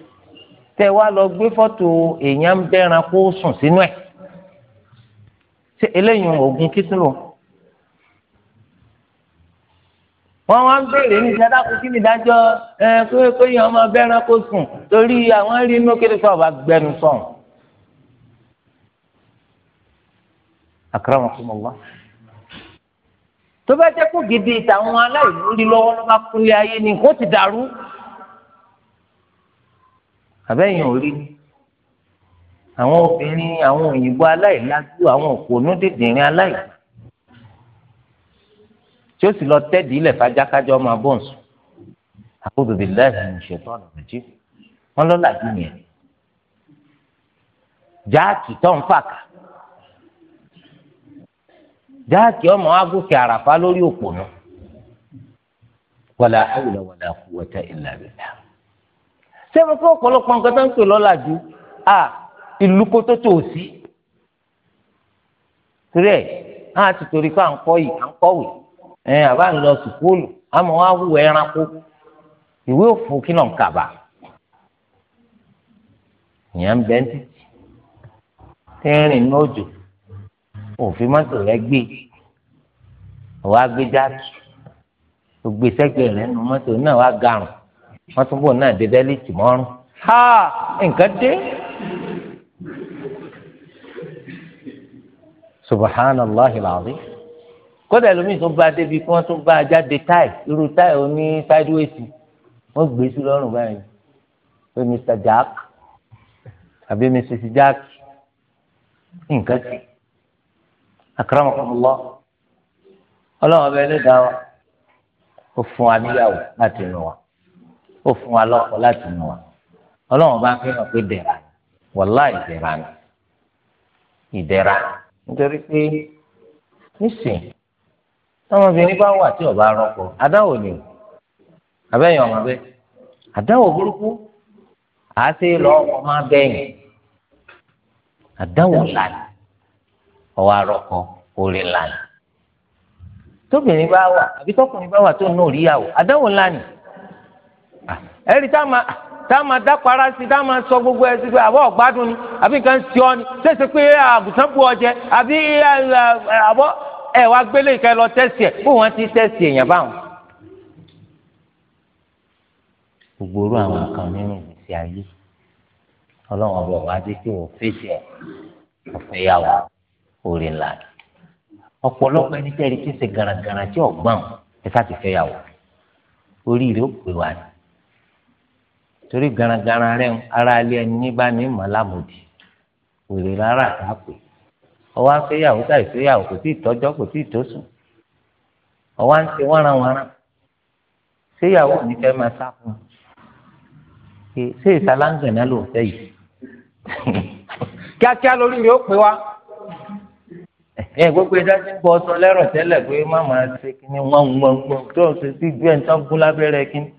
Speaker 1: tẹ wá lọ gbé fọ́tò èèyàn ń bẹ́ran kó sùn sínú ẹ̀ ṣé eléyìí oògùn kìtìlù wọn wá ń béèrè ní ìṣẹ́ dákun kí ni ìdájọ́ ẹ pé kéèyàn ọmọ bẹ́ran kó sùn torí àwọn rí inú kéde fún ọba gbẹnu sọ̀hún. akramakumullah tó bá jẹ́ kó gidi ìtàwọn aláìlú rí lọ́wọ́ ló bá kúnlé ayé ni kó ti dàrú àbẹ́yìn ò rí àwọn obìnrin àwọn òyìnbó aláìlájú àwọn òpònú dìdìrín aláìlá tí ó sì lọ tẹ́ẹ̀dì ilẹ̀ fàjákájọ́ máa bọ̀ sùn àkóso bíi lẹ́yìn ní ìṣètò ọ̀nà méjì wọn lọ́la jù yẹn jáàkì tó ń fàkà jáàkì ọmọ agòkè àràfà lórí òpònú wàlà àwùlà wàlà quwwata illa sẹ́wọ́n fún ọ̀pọ̀lọpọ̀ nǹkan tó ń pè lọ́làjú à ìlú kó tó tò sí. torí ẹ̀ á ti torí pé à ń kọ́ yìí à ń kọ́wé ẹ̀ àbá ń lọ sùkúlù àmọ́ wá wù ẹranko ìwé òfò kí náà ń kàbà. ìyẹn ń bẹ́ ń títì tẹ́rìn ní òjò òfin mọ́tò rẹ gbé wàá gbé jáàkì gbèsè nu mọ́tò náà wàá garùn wọ́n tún bò náà dé bẹ́líìtì mọ́rùn. ha nǹkan dé. subhanallah alazim kódà ẹlòmíì tó bá débi kí wọ́n tún bá a jáde táì irú táì oní sáídíwèsì wọ́n gbé sí lọ́rùn báyìí pé mr jack àbí mrs jack nǹkan sí akramakumullah ọlọ́run ọba ẹlẹ́dàá wa ó fún wa láti nù wa ó fún wa lọ́kọ̀ láti nù wa ọlọ́run bá ń fi hàn pé dẹ̀ra wàlá ìdẹ̀ra ni ìdẹ̀ra nítorí pé nísìn tọmọbìnrin bá wà tí ọba rọpò adáwò ni abẹ́yẹn ọmọ bẹ́ẹ̀ adáwò burúkú àti lọ ọmọ abẹ́yẹn adáwò lànà ọwọ́ arọpò orin lànà tóbìnrin bá wà àbí tọkùnrin bá wà tó nù ríyàwó adáwò lànà. Ah. ẹ̀rí tá a máa dápara sí tá a máa sọ gbogbo ẹ̀ sí pé àbọ̀ ọ̀gbádùn ni àbí nǹkan ń sọ ni ṣèṣe pé ah, àgùntàn bu ọ̀jẹ̀ àbí ah, àbọ̀ ẹ̀ wá gbélé ìkẹ́ lọ tẹ́sì ẹ̀ bó wọ́n ti tẹ́sì èèyàn báwọn. gbogbo orú àwọn kan nínú ìgbésí ayé ọlọ́run ọ̀bọ̀ wá dé kí wọ́n fèsì ẹ̀ ọ̀fẹ́ yà wá orí ńlá ọ̀pọ̀lọpọ̀ ẹni tẹ́rì tí ń tí ọ̀gbọ́n ẹ̀ sá ti fẹ́ yà wá oríire ó pè wá ní torí garagara rẹ ara alẹ ẹni bá ní màlámùdì wèrè rárá àpè ọwọ afẹyàwó táì fẹyàwó kò tíì tọjọ kò tíì tó sùn ọwọ à ń ṣe wáranwáran fẹyàwó ní fẹ máa sá fún un ṣé ìsàlángànà ló ń fẹ yìí kíákíá lórí mi ó pè wá ẹ gbogbo ẹ̀dá ti ń bọ ọsọ lẹrọ tẹ́lẹ̀ pé má máa ṣe kí ni wọn wọn wọn tó ń ṣe sí bí ẹ ń gún lábẹ́rẹ́ kí ni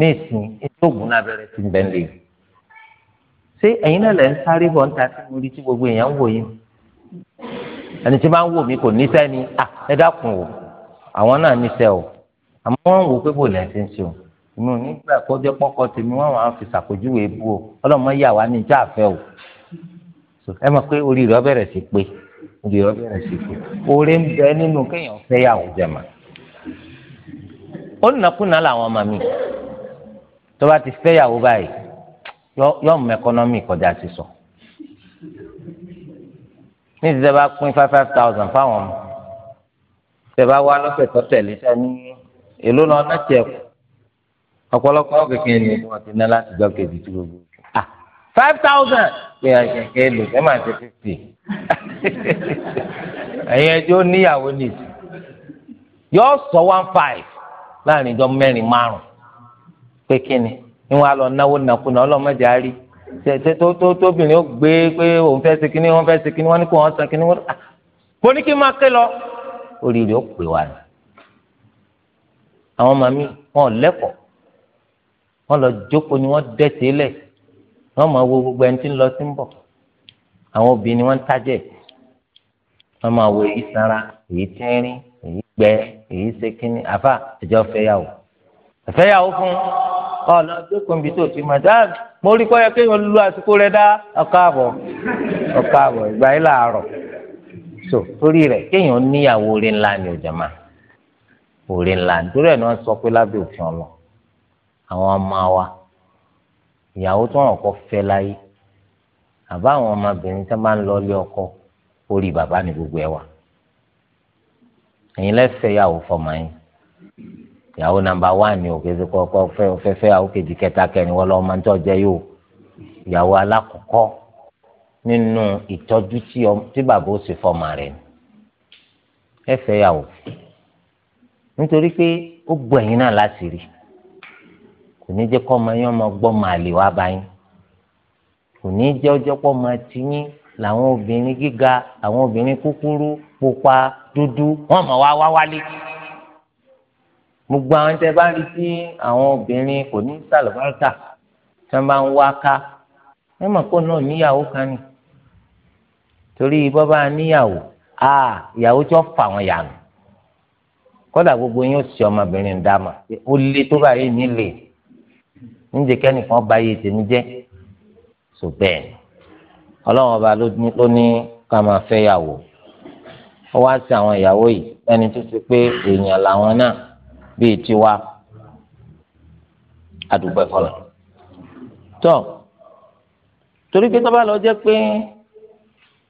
Speaker 1: ní ìsìn ìtòògùn náà bẹ̀rẹ̀ sí bẹ́ẹ̀ lè ṣé ẹ̀yin náà lẹ̀ ń sáré bọ̀ ń ta sí orí tí gbogbo èèyàn ń wò yín ẹni tí bá ń wò mí kò níṣẹ́ ni ẹ dákun o àwọn náà níṣẹ́ o àmọ́ wọ́n ń wò pé bò lẹ́ ṣe ń ṣe o inú nígbà kọjọ́ pọ́kọ tèmi wọ́n wàá fi ṣàpèjúwe bú o ọlọ́mọ yà wá ní ìjà àfẹ́ o ẹ mọ̀ pé orí rẹ̀ bẹ̀rẹ̀ sí pé orí rẹ̀ bẹ̀rẹ̀ sí pé oore ń bẹ nínú kéèyàn fẹ́ yàwó jẹ̀mà ó nàkúnà làwọn ọmọ mi tó bá ti fẹ́yàwó báyìí yọ mọ ẹkọnọmì kọjá ti sọ ní ti sẹ bá pín five five thousand fáwọn sẹ bá wá lọ́sẹ̀ tó tẹ̀lé sẹ ní èló náà náà tiẹ̀ kù ọ̀pọ̀lọpọ̀ kékeré ni wọ́n ti ná láti gbọ́ kejì tí gbogbo ah five thousand pé àkẹ́kẹ́ lò ẹ máa ṣe fifty ẹ̀yin ẹjọ́ níyàwó nìyí yọ sọ one five láàrin ìjọ mẹ́rin márùn pé kíni ni wọn á lọ náwó nàkúnà ọlọmọdé á rí tètè tó tó tóbìnrin ó gbé pé òun fẹ́ ṣe kíní wọn fẹ́ ṣe kíní wọn ní kó wọn san kíní wọn kò ah, ní kí n máa ké lọ oríire ó pè wá ni àwọn màmí wọn lẹ́kọ̀ọ́ wọn lọ jókòó ni wọn dẹ̀tẹ̀ lẹ̀ wọn máa wo gbogbo ẹni tí ń lọ sí ń bọ̀ àwọn obìnrin wọn ń wọn máa wo èyí sanra èyí tẹ́rín èyí gbẹ èyí ṣe kíní àfà ẹjọ́ fẹ́yàwó fún un ọ̀nà àjókòó níbi tó ti madam mo rí kọ́yọ kéèyàn lu àsìkò rẹ dá ọ̀kaàbọ̀ ọ̀kaàbọ̀ ìgbà yìí làárọ̀ so torí rẹ̀ kéèyàn níyàwó orí ńlá ni òjàmá orí ńlá nítorí ẹ̀ náà sọ pé lábẹ́ òfin ọ̀lọ́ àwọn ọmọ wa ìyàwó tó wọn kọ fẹ́ láyé àbá àwọn ọmọbìnrin tó máa ń lọ ilé ọkọ orí bàbá ni gbogbo ẹ wà ẹ̀yin lẹ́fẹ̀ẹ́ yàwó fọmọ yín ìyàwó nàmbà wáàni ò kí ẹ ti kọ́ ọkọ fẹ́ fẹ́fẹ́ àwọn kejì kẹta kẹrin wọ́n lọ́ọ́ máa ń tọ́jẹ́ yìí o ìyàwó alákọ̀ọ́kọ́ nínú ìtọ́jú tí bàbá ó sì fọmọ rẹ̀ ẹ fẹ́ yàwó nítorí pé ó gbọ́ ẹ̀yin náà láti rí kò ní jẹ́ kọ́ ọmọ yín ọmọ gbọ́ máa lè wá bá kò ní jẹ́ ọjọ́ pọ̀ máa ti làwọn obìnrin gíga àwọn obìnrin kúkúrú pupa dúdú wọ́n máa wá wá wálé gbogbo àwọn tẹ bá rí sí àwọn obìnrin kò ní sàlùbáríkà tí wọn bá ń wá ká ẹ mọ̀ kó náà níyàwó kan ni torí bọ́ bá níyàwó a ìyàwó tí wọ́n fà wọn yànnà kódà gbogbo yín ó sì ọmọbìnrin dáama ó lé tó báyìí nílé níjẹ kẹ́nìkan bá yé tèmi jẹ́ sọ bẹ́ẹ̀ ni ọlọ́run ọba ló ní ká máa fẹ́ yàwó ó wá sí àwọn ìyàwó yìí ẹni tó ti pé èèyàn làwọn náà bíi tiwa àdúgbò ẹ̀kọ́lá. tó torí pé tó bá lọ jẹ́ pé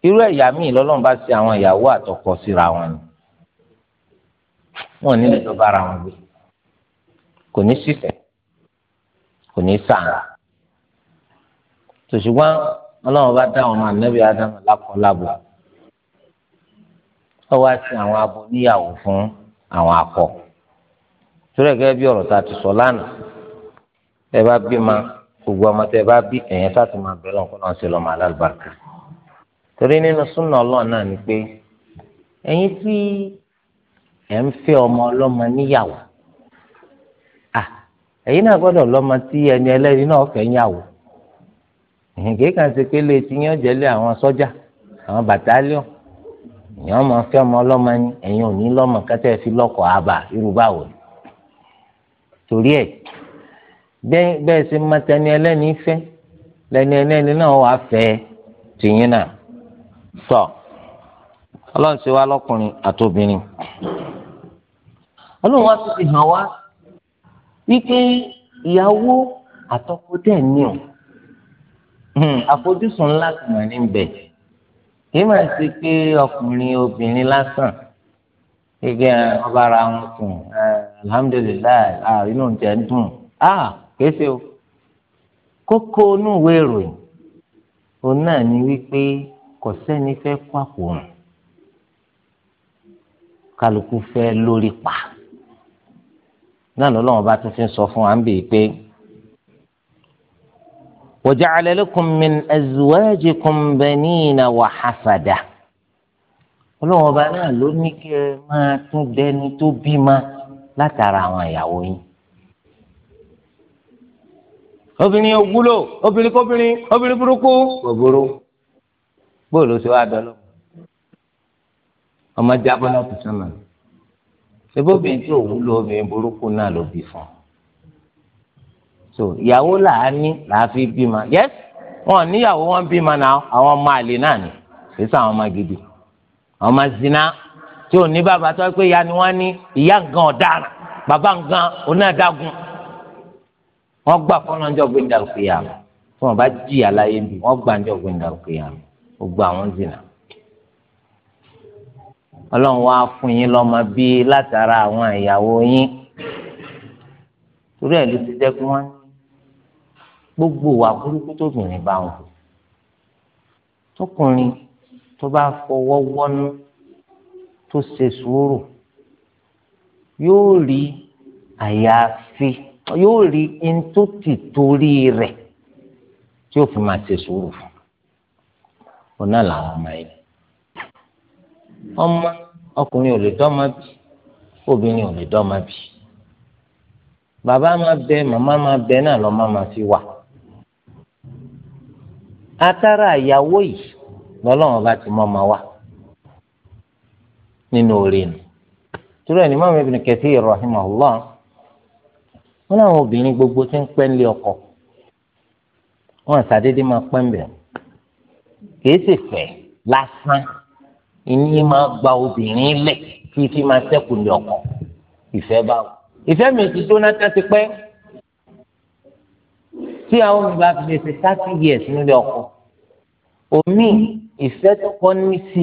Speaker 1: irú ẹ̀yà míì lọ́lọ́run bá ṣe àwọn ìyàwó àtọkọ síra wọn ni wọn ò ní lè lọ bára wọn gbé kò ní sísẹ kò ní sàrà tòṣùgbọ́n ọlọ́run bá dá ọmọ ànábì ádámù lákọlábọ ó wá sí àwọn abo níyàwó fún àwọn akọ torí ẹ̀gẹ́ bí ọ̀rọ̀ tá a ti sọ lánàá ẹ bá bí ma gbogbo ọmọ tẹ bá bí ẹ̀yẹn sáà ti máa bẹ̀rẹ̀ lọ́nkọ́ náà ṣe lọ́mọ alálùbáríkà torí nínú súnà ọlọ́run náà ni pé ẹ̀yin tí ẹ̀ ń fẹ́ ọmọ ọlọ́mọ níyàwó ẹ̀yin náà gbọ́dọ̀ lọ́mọ tí ẹni ẹlẹ́rìí náà fẹ́ yàwó ìhìnkè kan ṣe pé lè ti yàn jẹ́lẹ̀ àwọn sọ́jà àwọn bàtálíọ̀n ìyàn ọmọ fẹ́ ọmọ ọlọ́mọ ẹ̀yin ò ní lọ́mọ kẹ́tẹ́ fi lọ́kọ̀ọ́ àbà irú báwo ni. torí ẹ̀ bẹ́ẹ̀ bẹ́ẹ̀ sì máa tẹni ẹlẹ́ni fẹ́ lẹ́ni ẹlẹ́ni náà wà fẹ́ tìyín náà sọ ọlọ́run ṣe wá lọ́kùnrin àtòbìnrin ọlọ́run wá tún ti wá wípé ìyàwó àtọkọ dẹ̀ ní o hmm, àfojúsùn ńlá kan ní bẹ̀ kí máa ṣe pé ọkùnrin obìnrin lásán. igi ọba ara wọn sùn eh, alhamdulilayi ah, inú oúnjẹ ń dùn ah, kéṣe o kókó inú ìwé ìròyìn òun náà ni wípé kò sẹ́ni fẹ́ kó àpò rùn kálukú fẹ́ lórí pa náà lọ́lọ́wọ́n bá tún fi sọ fún wa ń bèè pé. وجعل لكم من أزواجكم بنين وحفدة ọlọ́run ọba náà ló ní kí ẹ máa tún dẹni tó bímọ látara àwọn ìyàwó yín. obìnrin ògúlò obìnrin kóbìnrin obìnrin burúkú gbòòrò bóòlù tí wàá dọ́lọ́ ọmọ jábọ́ láti sánmà ṣebó obìnrin tí òun lo obìnrin burúkú náà ló bí fún un so ìyàwó làání làáfi bímọ yẹs wọn níyàwó wọn bímọ náà àwọn ọmọ àlè náà ni èyí sọ àwọn ọmọ gidi àwọn máa zina tí ò ní bàbá tó pé ìyá ni wọ́n ní ìyá gan ọ̀daràn bàbá gan onáàdágún wọ́n gbà fọlọ́njọ́ gbẹ̀ndà òkèèyà tí wọ́n bá jìyà láyé bí wọ́n gbà ńjọ́ gbẹ̀ndà òkèèyà gbogbo àwọn zina ọlọ́run wá fún yín lọ́mọ bí látara àwọn ìyàwó yín torí ẹ̀ ló ti jẹ́ kí wọ́n gbogbo wà burúkú tóbìnrin bá wọn tọkùnrin tó bá fọwọ́ wọ́nú tó ṣe sùúrù yóò rí àyàfi yóò rí ntótì torí rẹ̀ tí ó fi máa ṣe sùúrù fún un náà làwọn ọmọ yìí ọmọ ọkùnrin ò lè dọ́mọ bí obìnrin ò lè dọ́mọ bí bàbá máa bẹ màmá máa bẹ náà lọ́mọ máa fi wà. atara àyàwó yìí lọ́lọ́run bá ti mọ́ ọmọ wa nínú orí nu turu ẹni Imam Ibn Kathir rahimahullah wọn làwọn obìnrin gbogbo ti ń pẹ́ ń lé ọkọ wọn àtàdédé máa pẹ́ ń bẹ̀ kìí sì fẹ́ lásán ìní máa gba obìnrin lẹ̀ kí fi máa ṣẹ́kù lé ọkọ ìfẹ́ báwo ìfẹ́ mi ti dóná ti pẹ́ tí àwọn mi fi lè ṣe thirty years nílé ọkọ. omi ìfẹ́ tó kọ́ ní sí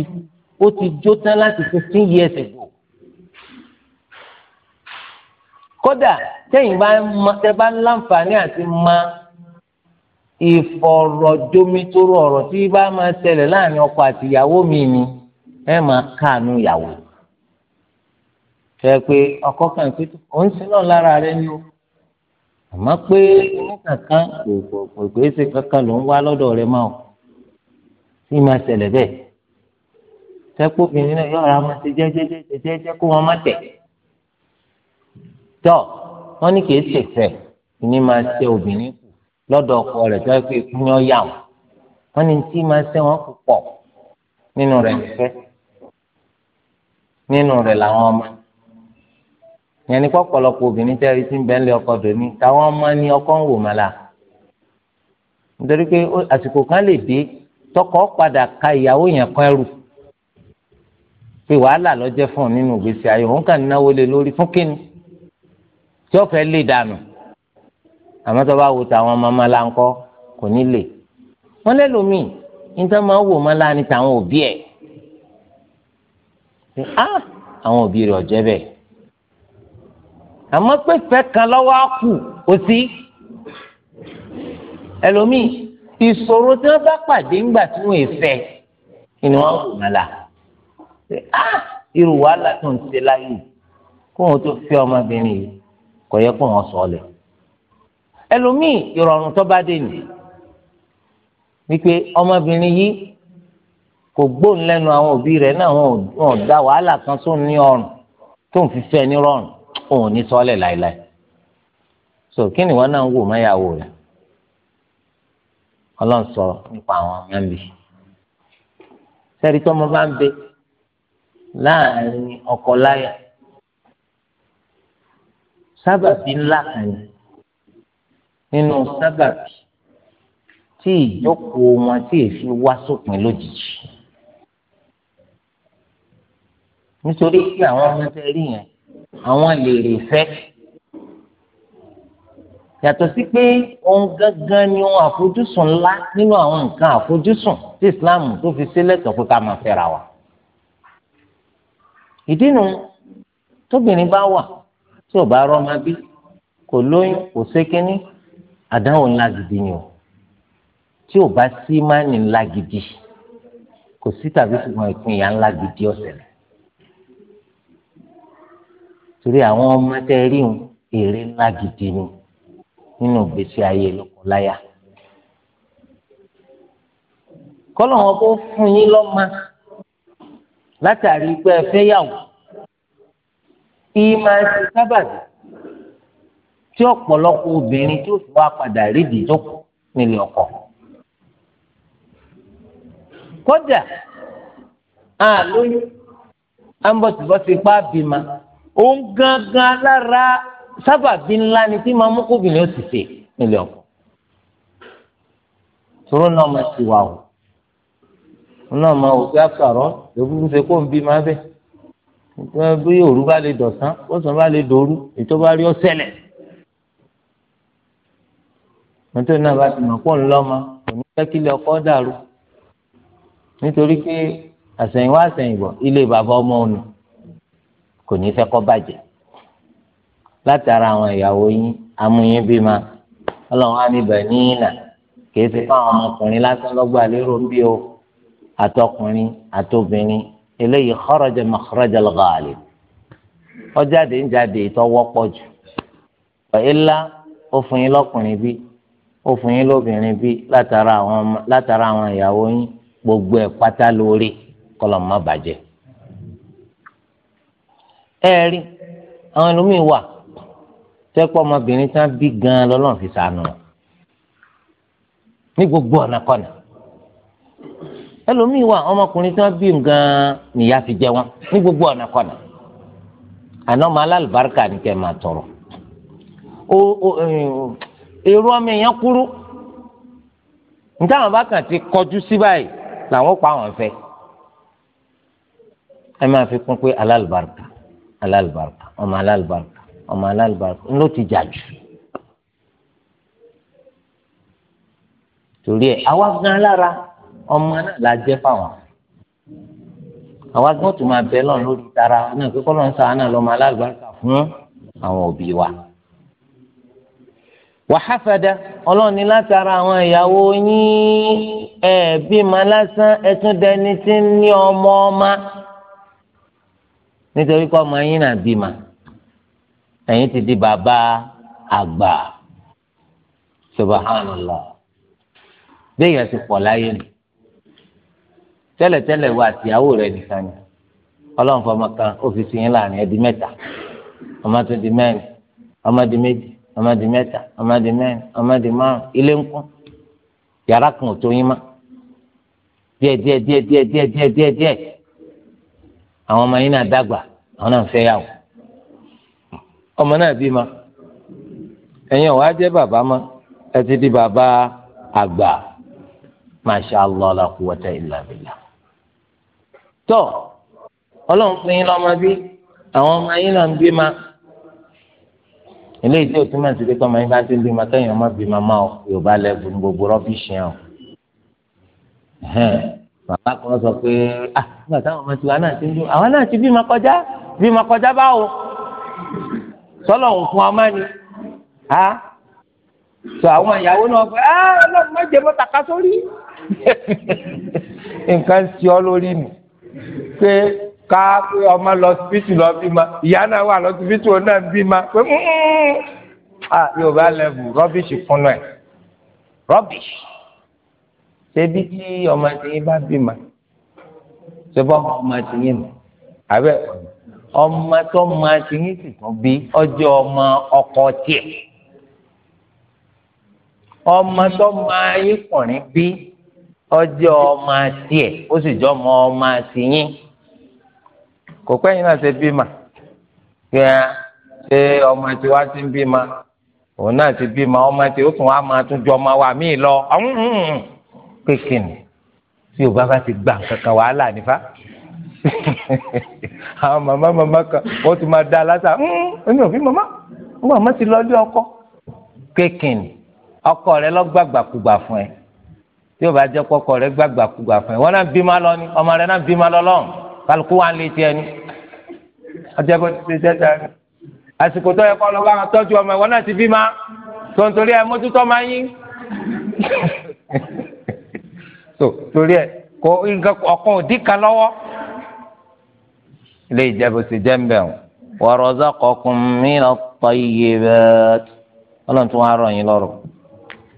Speaker 1: ó ti jó tán láti fifteen years ago kódà tẹ́yìn bá tẹ́ bá láǹfààní àti máa ìfọ̀rọ̀jomitoro ọ̀rọ̀ tí bá máa ṣẹlẹ̀ láàrin ọkọ àti ìyàwó mi ni ẹ máa káànú ìyàwó. fẹ́ pé ọkọ kan pé ó ń sin náà lára rẹ ni o àmọ́ pé ní kankan kò kò kankan ló ń wá lọ́dọ̀ rẹ máa sí máa ṣẹlẹ̀ bẹ́ẹ̀ sẹ́kù obìnrin náà yọ̀ọ́ ra wọn ṣe jẹ́jẹ́jẹ́jẹ́ kó wọn má tẹ̀ tọ́ wọ́n ní kìí ṣèfẹ́ ní máa ṣe obìnrin kù lọ́dọ̀ ọkọ rẹ̀ tó yẹ pé kú ni ó yà wọ́n wọ́n ní tí máa ṣe wọ́n kú pọ̀ nínú rẹ̀ fẹ́ nínú rẹ̀ làwọn ọmọ yẹn ní pọ̀pọ̀lọpọ̀ obìnrin tẹ́rí sí bẹ́ńlẹ̀ ọkọ dòní táwọn ọmọ ní ọkọ ń wò mọ́lá nítorí pé àsìkò kan lè dé tọkọ padà ka ìyàwó yẹn kan ẹrù pé wàhálà ló jẹ́ fún un nínú ìgbésí ayé òun kàn náwó lé lórí fún kínní tí ó fẹ́ lè dànù àmọ́ tó bá wo tàwọn ọmọ ọmọ la ń kò ní lè wọ́n lẹ́lòmíì níta máa wò ọmọ la ni tàwọn òbí ẹ̀ ah, àwọn òbí rẹ̀ ọ̀jẹ́ bẹ́ẹ̀ àmọ́ pé fẹ́ kan lọ́wọ́ á kù ó sí ẹlòmíì ìṣòro tí wọ́n bá pàdé ńgbà tí wọ́n fẹ́ ni wọ́n wò wọn la ṣe á irú wàhálà tó ń ṣe láyé kó wọn tó fẹ́ ọmọbìnrin yìí kò yẹ kó wọn sọ ọ lẹ ẹlòmíì ìrọ̀rùn tó bá dé nìyí wípé ọmọbìnrin yìí kò gbóhùn lẹ́nu àwọn òbí rẹ̀ náà wọn ò dá wàhálà kan tó ní ọrùn tó ń fífẹ́ ní rọrùn òun ní sọ́ọ́lẹ̀ láéláé so kí ni wọn náà ń wò mọ́yàwó rẹ̀ ọlọ́run sọ nípa àwọn ọmọ mi sẹ́ni tó ọmọ bá ń bẹ láàrin ọkọ láyà sábàbí ńlá kan nínú sábàbí tí ìjókòó wọn tí èéfi wá sópin lójijì nítorí pé àwọn ọmọ tẹ rí yẹn àwọn lè rè fẹ́ yàtọ̀ sí pé ohun gangan ni ohun àfojúsùn ńlá nínú àwọn nǹkan àfojúsùn tí islam tó fi sílẹ̀tọ̀ pé ká máa fẹ́ra wa. ìdí nu tóbìnrin bá wà tí ò bá rọ́mọ bí kò lóyún kò sékéní àdánwò ńlá gidi ni o tí ò bá sí mánì ńlá gidi kò sí tàbí ṣùgbọ́n ìpínyà ńlá gidi ọ̀sẹ̀ rẹ̀ torí àwọn ọmọ tẹ́ rí èrè ńlá gidi ni. nínú ìgbésí ayé lóko láyà kọ́lọ̀ wọn kó fún yín lọ́mọ látàrí pé ẹ fẹ́ yàwó ìmọ̀ ẹ̀sìn sábàdì tí ọpọlọpọ obìnrin tí ó fi wá padà rídìí jókòó nílé ọkọ. kódà àlóyún ambọ̀tìbọ̀tì pa bímọ òun gangan lára sábàbí ńlá ni tí máa mú kóbìnrin ó sì ṣe nílé ọkọ tóró náà máa ti wà o náà máa wò sí àkàrọ èbúrú ṣe kó ń bí máa bẹ bí òru bá lè dọ̀sán bọ́sán bá lè dòru ètò bá rí ó ṣẹlẹ̀ mọ́tò náà bá ti mọ̀ pọ̀ ńlọ́mọ kò ní fẹ́ kílẹ̀ ọkọ dàrú nítorí pé àsẹ̀yìnwá àsẹ̀yìnbọ̀ ilé bàbá ọmọ òun kò ní fẹ́ kó bàjẹ́ látara àwọn ìyàwó yín amúyín bí ma ọlọ́run á níbẹ̀ ní ìlà kìí ṣe fáwọn ọmọkùnrin lásán lọ́gbà lérò ń bí o àtọkùnrin àtobìnrin eléyìí kharaja makhraja al-ghalib ọjáde ń jáde ìtọ́wọ́pọ̀ jù ọ̀ẹ́lá ó fún yín lọ́kùnrin bí ó fún yín lóbìnrin bí látara àwọn ìyàwó yín gbogbo ẹ̀ pátá lórí kọlọ̀ má bàjẹ́ ẹ̀ẹ́rì àwọn ẹlòmíín wà sẹ́pọ̀ ọmọbìnrin tán bí gan-an lọ́lọ́run fi sànù ní gbogbo ọ̀nà kọ́nà ẹlòmíì wà ọmọkùnrin tí wọn bí nǹkan nìyá fi jẹ wọn ní gbogbo ọ̀nà kọ̀nà àná ọmọ alálùbáríkà ni kẹ́ máa tọrọ o o èrò ọmọ èèyàn kúrú nítawọn bá kàn ti kọjú sí báyìí làwọn pa àwọn fẹ́ ẹ máa fi kún pé alálùbáríkà alálùbáríkà ọmọ alálùbáríkà ọmọ alálùbáríkà ń ló ti jà jù. torí ẹ àwa gan lára ọmọ náà la jẹ fáwọn àwa gan tó máa bẹ lọ́n lórí tara náà pé kọ́lọ́n sáà náà lọ́mọ alálùbáríkà fún àwọn òbí wa. wàhálàfẹ́dá ọlọ́ọ̀ni látara àwọn ìyàwó yín ẹ̀ bímọ lásán ẹ tún dẹni tí ń ní ọmọ ọmọ nítorí pé ọmọ yín náà bímọ ẹ̀yin ti di bàbá àgbà subahánàlá béèyàn ti pọ̀ láyé nù tẹ́lẹ̀tẹ́lẹ̀ wo àtìyàwó rẹ̀ nìkan ni ọlọ́run fọmọ kan ọ́fíìsì yín láàrin ẹ̀dí mẹ́ta ọmọ tó di mẹ́rin ọmọ di méjì ọmọ di mẹ́ta ọmọ di mẹ́rin ọmọ di márùn ilé ń kún yàrá kan ò tó yín mọ́ díẹ̀ díẹ̀ díẹ̀ díẹ̀ díẹ̀ díẹ̀ díẹ̀ àwọn ọmọ yín náà dàgbà àwọn náà ń fẹ́ yàwó ọmọ náà bí ma ẹ̀yin ọ̀wá jẹ́ bàbá ma ẹ ti di bàbá àgbà masha allah la quwwata illa Bila. tó ọlọ́run fún yín lọ́mọ bí àwọn ọmọ yín náà ń bí ma eléyìí tí o túmọ̀ sí pé tọ́mọ yín bá ti ń bí ma kẹ́yìn ọmọ bí ma máa yorùbá lẹ́bùn gbogbo rọ́bìṣì hàn bàbá kan sọ pé ah nígbà táwọn ọmọ tiwa náà ti ń bí àwọn náà ti bí ma kọjá bí ma kọjá báwo sọlọ ń fún ọmọ ni ha sọ àwọn ìyàwó náà fún ẹ ah, ọlọ́run má jẹ bọta ká sórí nǹkan sí ọ lórí mi pé ká pé ọmọ lọ síbítù lọ bí ma ìyá náà wà lọ síbítù ọ náà bí ma pé mm, mm, mm. yóò bá lẹ́bù rọ́bìṣì kúnnú ẹ̀ rọ́bìṣì ṣebí tí ọmọ tìyín bá bí ma ṣe bọ́ ọmọ tìyín mọ̀ abẹ́ ọ̀nà ọmọ tó máa ti ń sì tún bí ọjọ́ ọmọ ọkọ tiẹ̀ ọmọ tó máa yí kùnrin bí ọjọ́ ọmọ tiẹ̀ ó sì jọ ọmọ ọmọ ti yín kò pẹ́yìn náà ṣe bímọ kí ẹ ṣe ọmọ tí wá ti ń bímọ òun náà ti bímọ ọmọ tí ó tún wá máa tún jọ ọmọ wa míì lọ kékin tí o bá bá ti gbà kankan wàhálà nífà àwọn ah, màmá màmá kan wọ́n ti máa dá aláta ẹ̀mí hmm, ò fi màmá wọ́n màmá ti lọ ilé ọkọ kéèkìnì ọkọ rẹ lọ gbàgbàkúgbà fún ẹ tí o bá jẹ́ kọ́kọ rẹ gbàgbàkúgbà fún ẹ wọ́n náà bí máa lọ ni ọmọ rẹ náà bí máa lọ lọ́hùn kálukú wa ń lé tiẹ̀ ni ọjọ́ kò ti ṣe ṣẹ́ṣẹ́ rẹ àsìkò tó yẹ kọ́ lọ bá wọn tọ́jú ọmọ ìwọ náà ti bí ma tó ẹ mójútó máa yín so torí ẹ kò nǹkan ọkàn òdì kan lọ́wọ́ ilé ìjẹ́bù ti jẹ́ ń bẹ̀ wọ́n. wa razaqakum minat tayyibat ọlọ́run tún wá rọ̀ yín lọ́rọ̀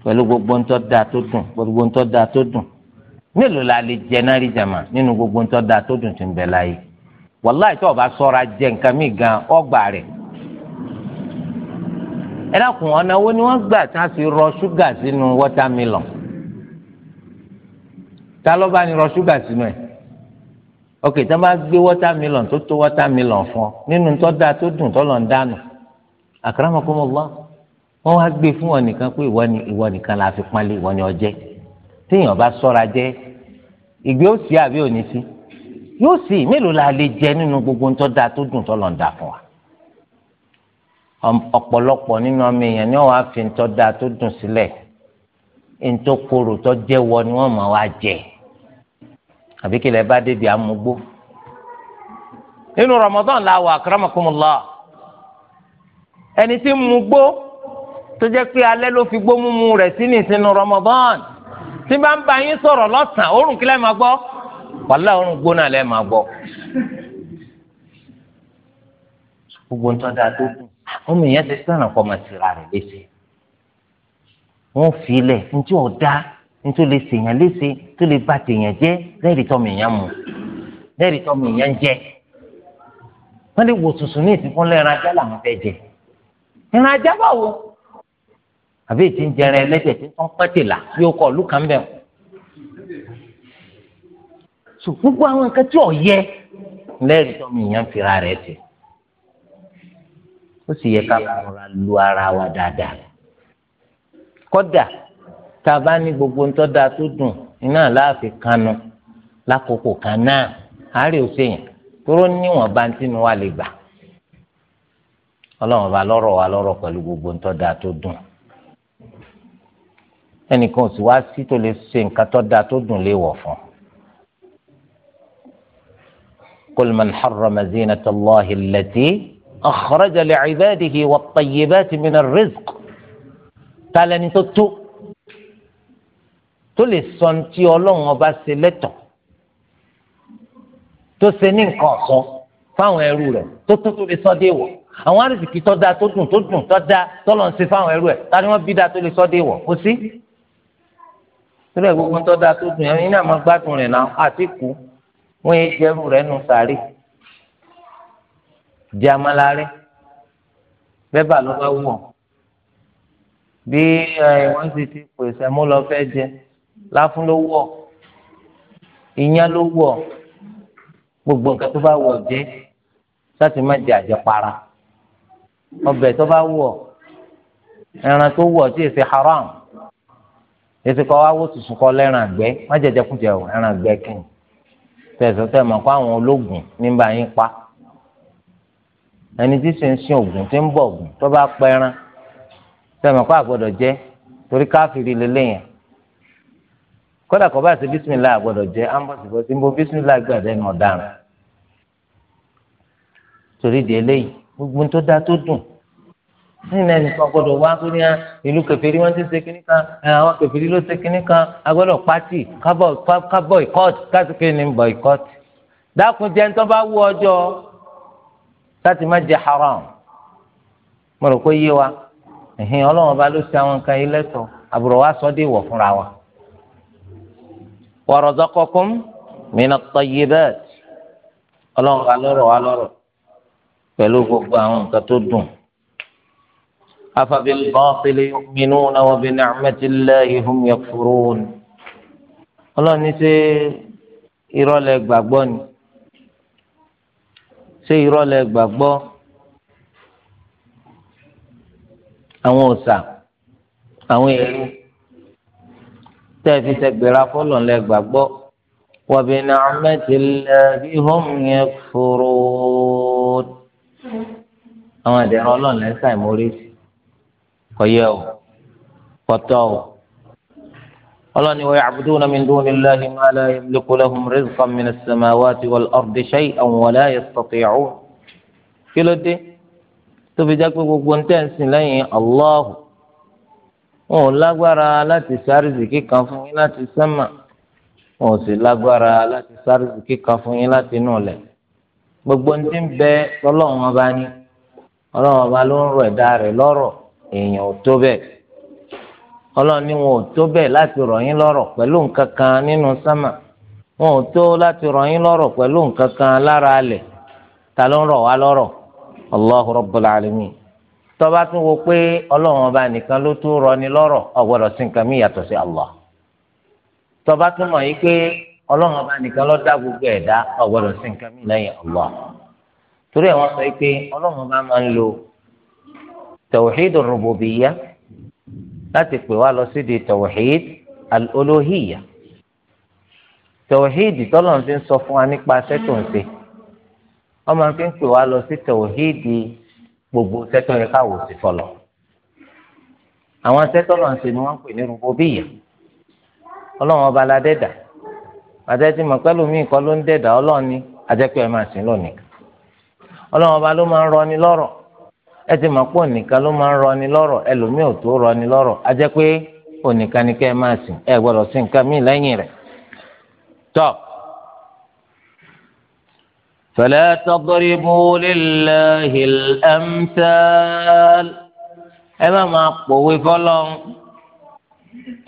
Speaker 1: pẹ̀lú gbogbo ń tọ́ da tó dùn gbogbo ń tọ́ da tó dùn mélòó la lè jẹ náà rí jàmà nínú gbogbo ń tọ́ da tó dùn ti ń bẹ láyé wàláì tó o bá sọra jẹ nǹkan mí gan ọgbà rẹ̀ ẹ dákun ọ̀nà wo ni wọ́n gbà tí wọ́n fi rọ ṣúgà sínú wọ́támílọ̀n ta ló bá ní rọ ṣúgà sínú ẹ̀ ok tí wọn bá gbé wọ́tàmílọ̀n tó tó wọ́tàmílọ̀n fún ọ nínú tó dáa tó dùn tó lọ ń dànù àkàràmọ́kọ́mọ́lá wọn wá gbé fún wọn nìkan pé ìwọ ni ìwọ nìkan la fi pálí ìwọ ni ọjẹ téèyàn bá sọ́ra jẹ ìgbé ó sì àbí òní sí yóò sì mélòó la lè jẹ nínú gbogbo ń tó dáa tó dùn tó lọ ń dà fún wa ọ̀pọ̀lọpọ̀ nínú ọmọ èèyàn ni wọ́n wá fi ń tó dáa tó dùn sílẹ̀ ń tó korò tó ni wọ́n máa wá jẹ́ àbí kí lè bá débi àmugbó nínú Ramadan la wà akramakumullah ẹni tí mu gbó tó jẹ́ pé alẹ́ ló fi gbó mímu rẹ̀ sí ní sínú Ramadan tí bá ń bá yín sọ̀rọ̀ lọ́sàn-án òórùn kílẹ̀ máa gbọ́ wàhálà òórùn gbóná lẹ́ máa gbọ́ gbogbo nǹkan dáa tó kù ọmọ ìyẹn ti sànà kọ́ máa tira rẹ̀ léṣe wọ́n fi ilẹ̀ ntí ọ̀dá nítorí lè ṣèyàn léṣe tó lè ba tèèyàn jẹ́ lẹ́rìí tọ́mọ èèyàn mu lẹ́rìí tọ́mọ èèyàn jẹ́ wọ́n lè wò tuntun ní ìsìnkú lẹ́ran ajá làwọn fẹ́ jẹ ìran ajá báwo àbí ètí ń jẹrẹ ẹlẹ́jẹ̀ tí wọ́n pẹ́tì là bí ó kọ ìlú kan bẹ́ẹ̀ so gbogbo àwọn nǹkan tí ò yẹ lẹ́rìí tọ́mọ èèyàn fira rẹ̀ tẹ̀ ó sì yẹ ká fọra lu ara wa dáadáa kódà tá a bá ní gbogbo ń tọ́da tó dùn iná láàfin kanu lákòókò kan náà àárẹ̀ òṣèyàn tóró níwọ̀nba tí mo wà lè gbà ọlọ́run bá lọ́rọ̀ wa lọ́rọ̀ pẹ̀lú gbogbo ń tọ́da tó dùn ẹnìkan sì wá sí tó lè ṣe nǹkan tó da tó dùn lè wọ̀ fún. قل من حرم زينة الله التي أخرج لعباده والطيبات من الرزق قال أن tó lè sọ ní tí ọlọ́run ọba ṣe lẹ́tọ̀ọ́ tó ṣe ní nǹkan ọ̀sọ́ fáwọn ẹrú rẹ̀ tó tó tó lè sọ dé wọ̀ àwọn arìsìkì tó dáa tó dùn tó dùn tó dáa tọ́lọ̀ ń ṣe fáwọn ẹrú ẹ̀ tani wọ́n bí dáa tó lè sọ dé wọ̀ kò sí. tó lè gbogbo tó dáa tó dùn ẹ̀yin náà máa gbádùn rẹ̀ náà àti kú wọ́n yé jẹ́rú rẹ̀ nù sàárè jẹ́ amálárẹ́ bẹ́ẹ̀ bá ló bá wù ọ́ bí wọ́n ti ti pèsè mú lọ fẹ́ jẹ́ láfún ló wọ̀ ìyàn ló wọ̀ gbogbo nǹkan tó bá wọ̀ jẹ́ láti má jẹ àjẹpara ọbẹ̀ tó bá wọ̀ ẹran tó wọ̀ tí èsì haram èsì kọ́ wá wó tuntun kọ́ lẹ́ran àgbẹ̀ má jẹjẹ kú jẹ o ẹran àgbẹ̀ kìnnì tẹ̀sán tẹ̀ mọ̀ kó àwọn ológun nígbà yín pa ẹni tí sì sin ògùn tí ń bọ̀ ògùn tó bá pẹ́ran tẹ̀ mọ̀ kó àgbọ̀dọ̀ jẹ́ torí káfíìrì lélẹ́yìn kódà kó bá ṣe bísímìlá àgbọ̀dọ̀ jẹ́ ambọ̀sibọ̀sí nbọ bísímìlá gbàdé ní ọ̀daràn torí di eléyìí gbogbo tó dá tó dùn nínú ẹnìkan gbọ́dọ̀ wá tó ní ìlú kẹfìrí wọn ti ṣe kínní kan àwọn kẹfìrí ló ṣe kínní kan agbọ́dọ̀ pátì kábọ ìkọt kásìkè ní bọ ìkọt dákun jẹ ń tọ́ bá wú ọjọ́ láti má jẹ haram mo rò pé yé wa ẹ̀hìn ọlọ́wọ́n bá ló ṣe àwọn nǹkan ilé tọ́ àbúrò wa sọ́ wa razaqakum min at-tayyibat ọlọ́run wa lọ́rọ̀ wa lọ́rọ̀ pẹ̀lú gbogbo àwọn nǹkan tó dùn. afabil batili yu'minuna wa bi ni'matillahi hum yakfurun. ọlọ́run ní ṣe ìrọ̀lẹ́ gbàgbọ́ ni ṣe ìrọ̀lẹ́ gbàgbọ́ àwọn òòṣà àwọn èrè tẹ́ẹ̀fi sẹ́gbẹ̀rẹ́ afọ́lọ́nlẹ́ gbàgbọ́ wa bi ni'matillahi hum yakfurun. àwọn ìdẹ̀rọ̀ ọlọ́ọ̀lẹ́ sàìmórí kọ̀yẹ́ o kọ̀tọ́ o ọlọ́ni wa ya'buduna min dunillahi ma la yamliku lahum rizqan minas samawati wal ardi shay'an wa la yastati'un. kí ló dé tó jẹ́ pé gbogbo ń lẹ́yìn Allahu. wọn ò lágbára láti sáréjì kíkan fún yín láti sánmà wọn ò sì lágbára láti sáréjì kíkan fún yín láti gbogbo ní ń bẹ lọ́lọ́run ọba ní Ọlọ́run ọba ló ń rọ ẹ̀dá rẹ̀ lọ́rọ̀ èèyàn ò tó bẹ́ẹ̀ Ọlọ́run ní wọn ò tó bẹ́ẹ̀ láti rọ̀ yín lọ́rọ̀ pẹ̀lú nǹkan kan nínú wọn ò tó láti rọ̀ yín lọ́rọ̀ pẹ̀lú nǹkan kan lára alẹ̀ ta ló ń rọ̀ wá lọ́rọ̀ tọba tún wo pé ọlọ́run ọba nìkan ló tún rọ ni lọ́rọ̀ ọ̀gbọ́dọ̀ sí nǹkan mí yàtọ̀ sí Allah tọba tún mọ̀ yìí ọba nìkan ló dá gbogbo ẹ̀dá ọ̀gbọ́dọ̀ sí nǹkan mí lẹ́yìn Allah torí ẹ̀ wọ́n sọ pé ọlọ́run ọba máa ń lo láti pè wá lọ tawhid tawhid tọ́lọ́run ti ń sọ fún wa gbogbo sẹ́tọ̀ yẹ káwọ́ sí fọlọ́ àwọn sẹ́tọ̀ lọ́n ṣe ni wọ́n pè ní rúbọ́bíyà ọba la dẹ́dà àtẹ́tí mọ̀ mi kọ́ ló ń dẹdà ọlọ́run ni àjẹpẹ́ máa sìn lónìí ọba ló máa ń rọ ni ẹ ti pé ló máa ń rọ ni ẹlòmíì ò tó rọ ni فلا تضربوا لله الأمثال ẹ má máa pòwe fọ́lọ́run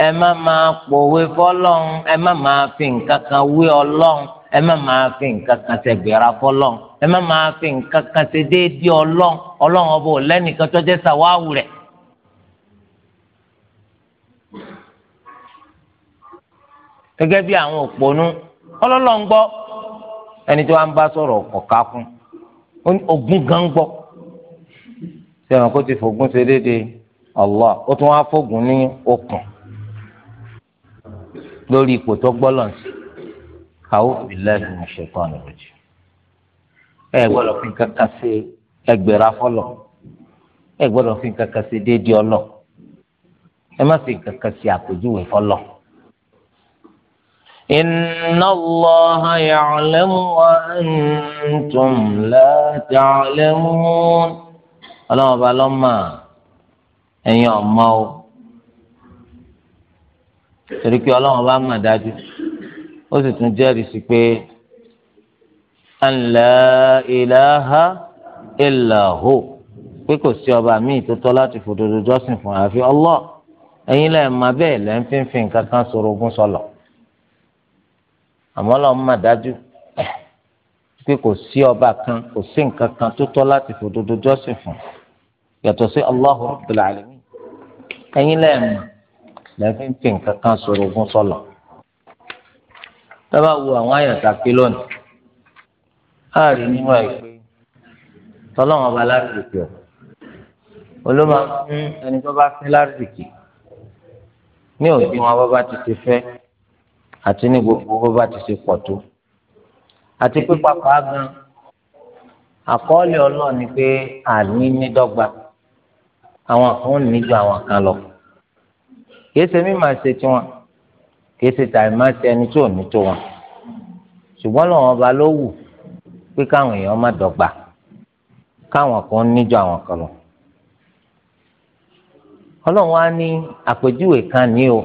Speaker 1: ẹ má máa pòwe fọ́lọ́run ẹ má máa fi nǹkan kan wé Ọlọ́run ẹ má máa fi nǹkan kan ṣẹgbẹra fọ́lọ́run ẹ má máa fi nǹkan kan ṣe déédéé Ọlọ́run Ọlọ́run ọba ò lẹ́nìkan tó jẹ́ sàwáwù rẹ̀. gẹ́gẹ́ bí àwọn òpònú ọlọ́lọ́ ń gbọ́ ẹni tí wọ́n bá sọ̀rọ̀ ọ̀ká kún ogún gan gbọ́ sẹ́wọ̀n kó ti fògùn ṣe déédéé Allah ó tún wá fògùn ní okùn lórí ipò tó gbọ́lọ̀ sí a'udhu billahi minash shaitani rajim ẹ gbọ́dọ̀ fi kankan ṣe ẹgbẹ̀rún afọlọ ẹ gbọ́dọ̀ fi kankan ṣe déédéé ọlọ ẹ má fi kankan ṣe àpèjúwe fọlọ. إن الله يعلم وأنتم لا تعلمون ọlọ́run ọba lọ́mọ ẹ̀yin ọ̀mọ́ o torí pé ọlọ́run ọba mà dájú ó sì tún jẹ́rìí sí pé an la ilaha illa hu pé kò sí ọba míì tó tọ́ láti fòdodo jọ́sìn fún àfi Allah ẹ̀yin lẹ́ẹ̀ bẹ́ẹ̀ lẹ́ẹ̀ kankan sọ̀rọ̀ ogún sọ̀lọ̀ àmọ́ lọ́n mà dájú pé kò sí ọba kan kò sí nǹkan kan tó tọ́ láti fòdodo jọ́sìn fún yàtọ̀ sí Allahu Rabbil Alamin ẹ̀yin lẹ́ẹ̀mọ̀ lẹ́fí ń fi nǹkan kan sọ̀rọ̀ ogun sọ̀lọ̀ dábàá wo àwọn àyàtà pé lónìí láàrin nínú ẹ̀ pé ọba lárìkì ọ̀ olóma ẹni tó bá fẹ́ lárìkì ní òdiwọ̀n bá bá ti ti fẹ́ àti ní gbogbo bó bá ti ṣe pọ̀ tó àti pé pàápàá gan àkọọ́lẹ̀ ọlọ́run ni pé àní ní dọ́gba àwọn kan ní ju àwọn kan lọ kìí ṣe mí máa ṣe tiwọn kìí ṣe tàbí máa ṣe ẹni tí ò ní tó wọn ṣùgbọ́n lọ́wọ́n ọba ló wù pé káwọn èèyàn má dọ́gba káwọn kan ní ju àwọn kan lọ ọlọ́run á ní àpèjúwe kan ní o.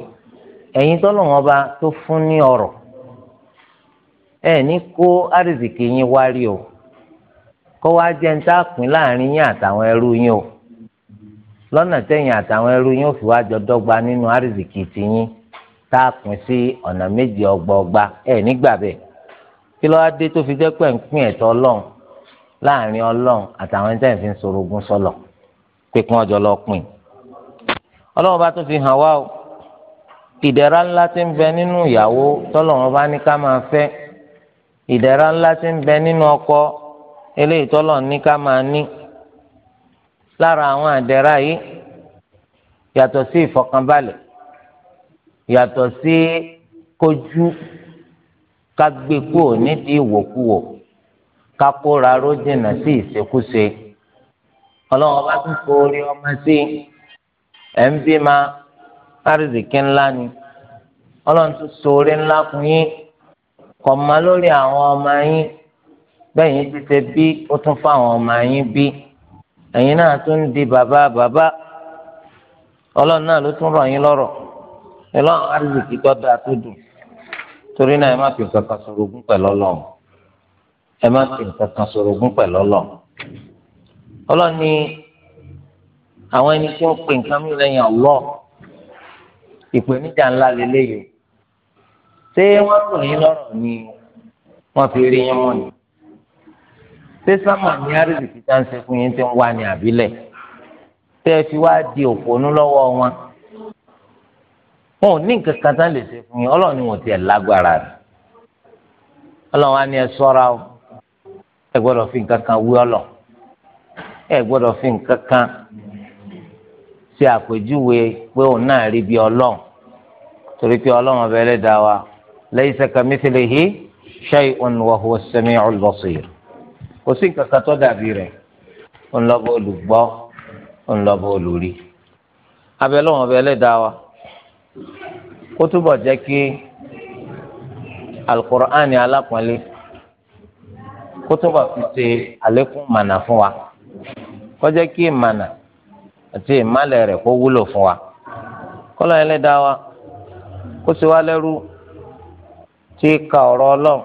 Speaker 1: Eyin tọ́lọ́wọ́n bá tó fún ní ọ̀rọ̀ ẹ ní kó àrìsìkì yín wárí o kó wá jẹ́ ń tàpín láàrin yín àtàwọn ẹrú yín o lọ́nà tẹ̀yìn àtàwọn ẹrú yín ò fi wá jọ dọ́gba nínú àrìsìkì tiyín tá a sí ọ̀nà ọgbọọgba ẹ nígbà bẹ́ẹ̀ kí lọ́wọ́ dé tó fi jẹ́ ẹ̀tọ́ ọlọ́run láàrin ọlọ́run àtàwọn fi ń lọ pín ọlọ́run bá fi hàn wá o. ìdẹ̀ra ńlá tí ń bẹ nínú ìyàwó tọ́lọ́wọ́n bá ní ká máa fẹ́ ìdẹ̀ra ńlá tí ń bẹ nínú ọkọ eléyìí tọ́lọ́wọ́n ní ká máa ní lára àwọn àdẹ̀ra yìí yàtọ̀ sí ìfọkànbalẹ̀ yàtọ̀ sí kójú kágbékò nídìí ìwòkuwò kákóra ró sí ìṣekúṣe ọlọ́wọ́n bá tún kó ọmọ sí ẹ̀ ń bímọ àrísìkí ńlá ni ọlọ́run tún ṣoore ńlá fún yín kò má lórí àwọn ọmọ yín bẹ́ẹ̀ yín ti ṣe bí ó tún fáwọn ọmọ yín bí ẹ̀yin náà tún di bàbá bàbá ọlọ́run náà ló tún rọ̀ yín lọ́rọ̀ ẹlọ́run àrísìkí tó dáa tó dùn torí náà ẹ má fi kankan sọ̀rọ̀ ogún pẹ̀lú ọlọ́run ẹ má fi kankan sọ̀rọ̀ ogún pẹ̀lú ọlọ́run ọlọ́run ni àwọn ẹni tí ń pè nǹkan mi lẹ́yìn ọlọ́run ìpèníjà ńlá lélẹ́yìí ṣé wọ́n kò ní lọ́rọ̀ ni wọ́n fi rí yín mú ni ṣé sámà ní àrídì títà ń ṣe fún yín tí ń wá ní àbílẹ̀ tẹ́ ẹ fi wá di òpònú lọ́wọ́ wọn wọn ò ní nǹkan kan tán lè ṣe fún yín ọlọ́run ni wọ́n tiẹ̀ lágbára rẹ̀ ọlọ́run á ní ẹ sọ́ra o ẹ gbọ́dọ̀ fi nǹkan kan wí ọlọ́ ẹ gbọ́dọ̀ fi nǹkan kan ṣe àpèjúwe pé òun náà rí bí ọlọ́run torí pé ọlọ́run ọba ẹlẹ́dàá wa laysa kamithlihi shay'un wa huwa as-sami'ul basir kò sí nǹkan kan tó dàbí rẹ̀ òun lọ́ba olùgbọ́ òun lọ́ba olùrí abẹ́lọ́run ọba ẹlẹ́dàá wa kó túbọ̀ jẹ́ kí alukur'ani alápọ̀nlé kó fi ṣe àlékún mànà fún wa kó jẹ́ kí àti ìmálẹ̀ rẹ̀ kó wúlò fún wa kọ́lọ́ ẹlẹ́dàá wa kó sì wá lẹ́rú tí ka ọ̀rọ̀ ọlọ́run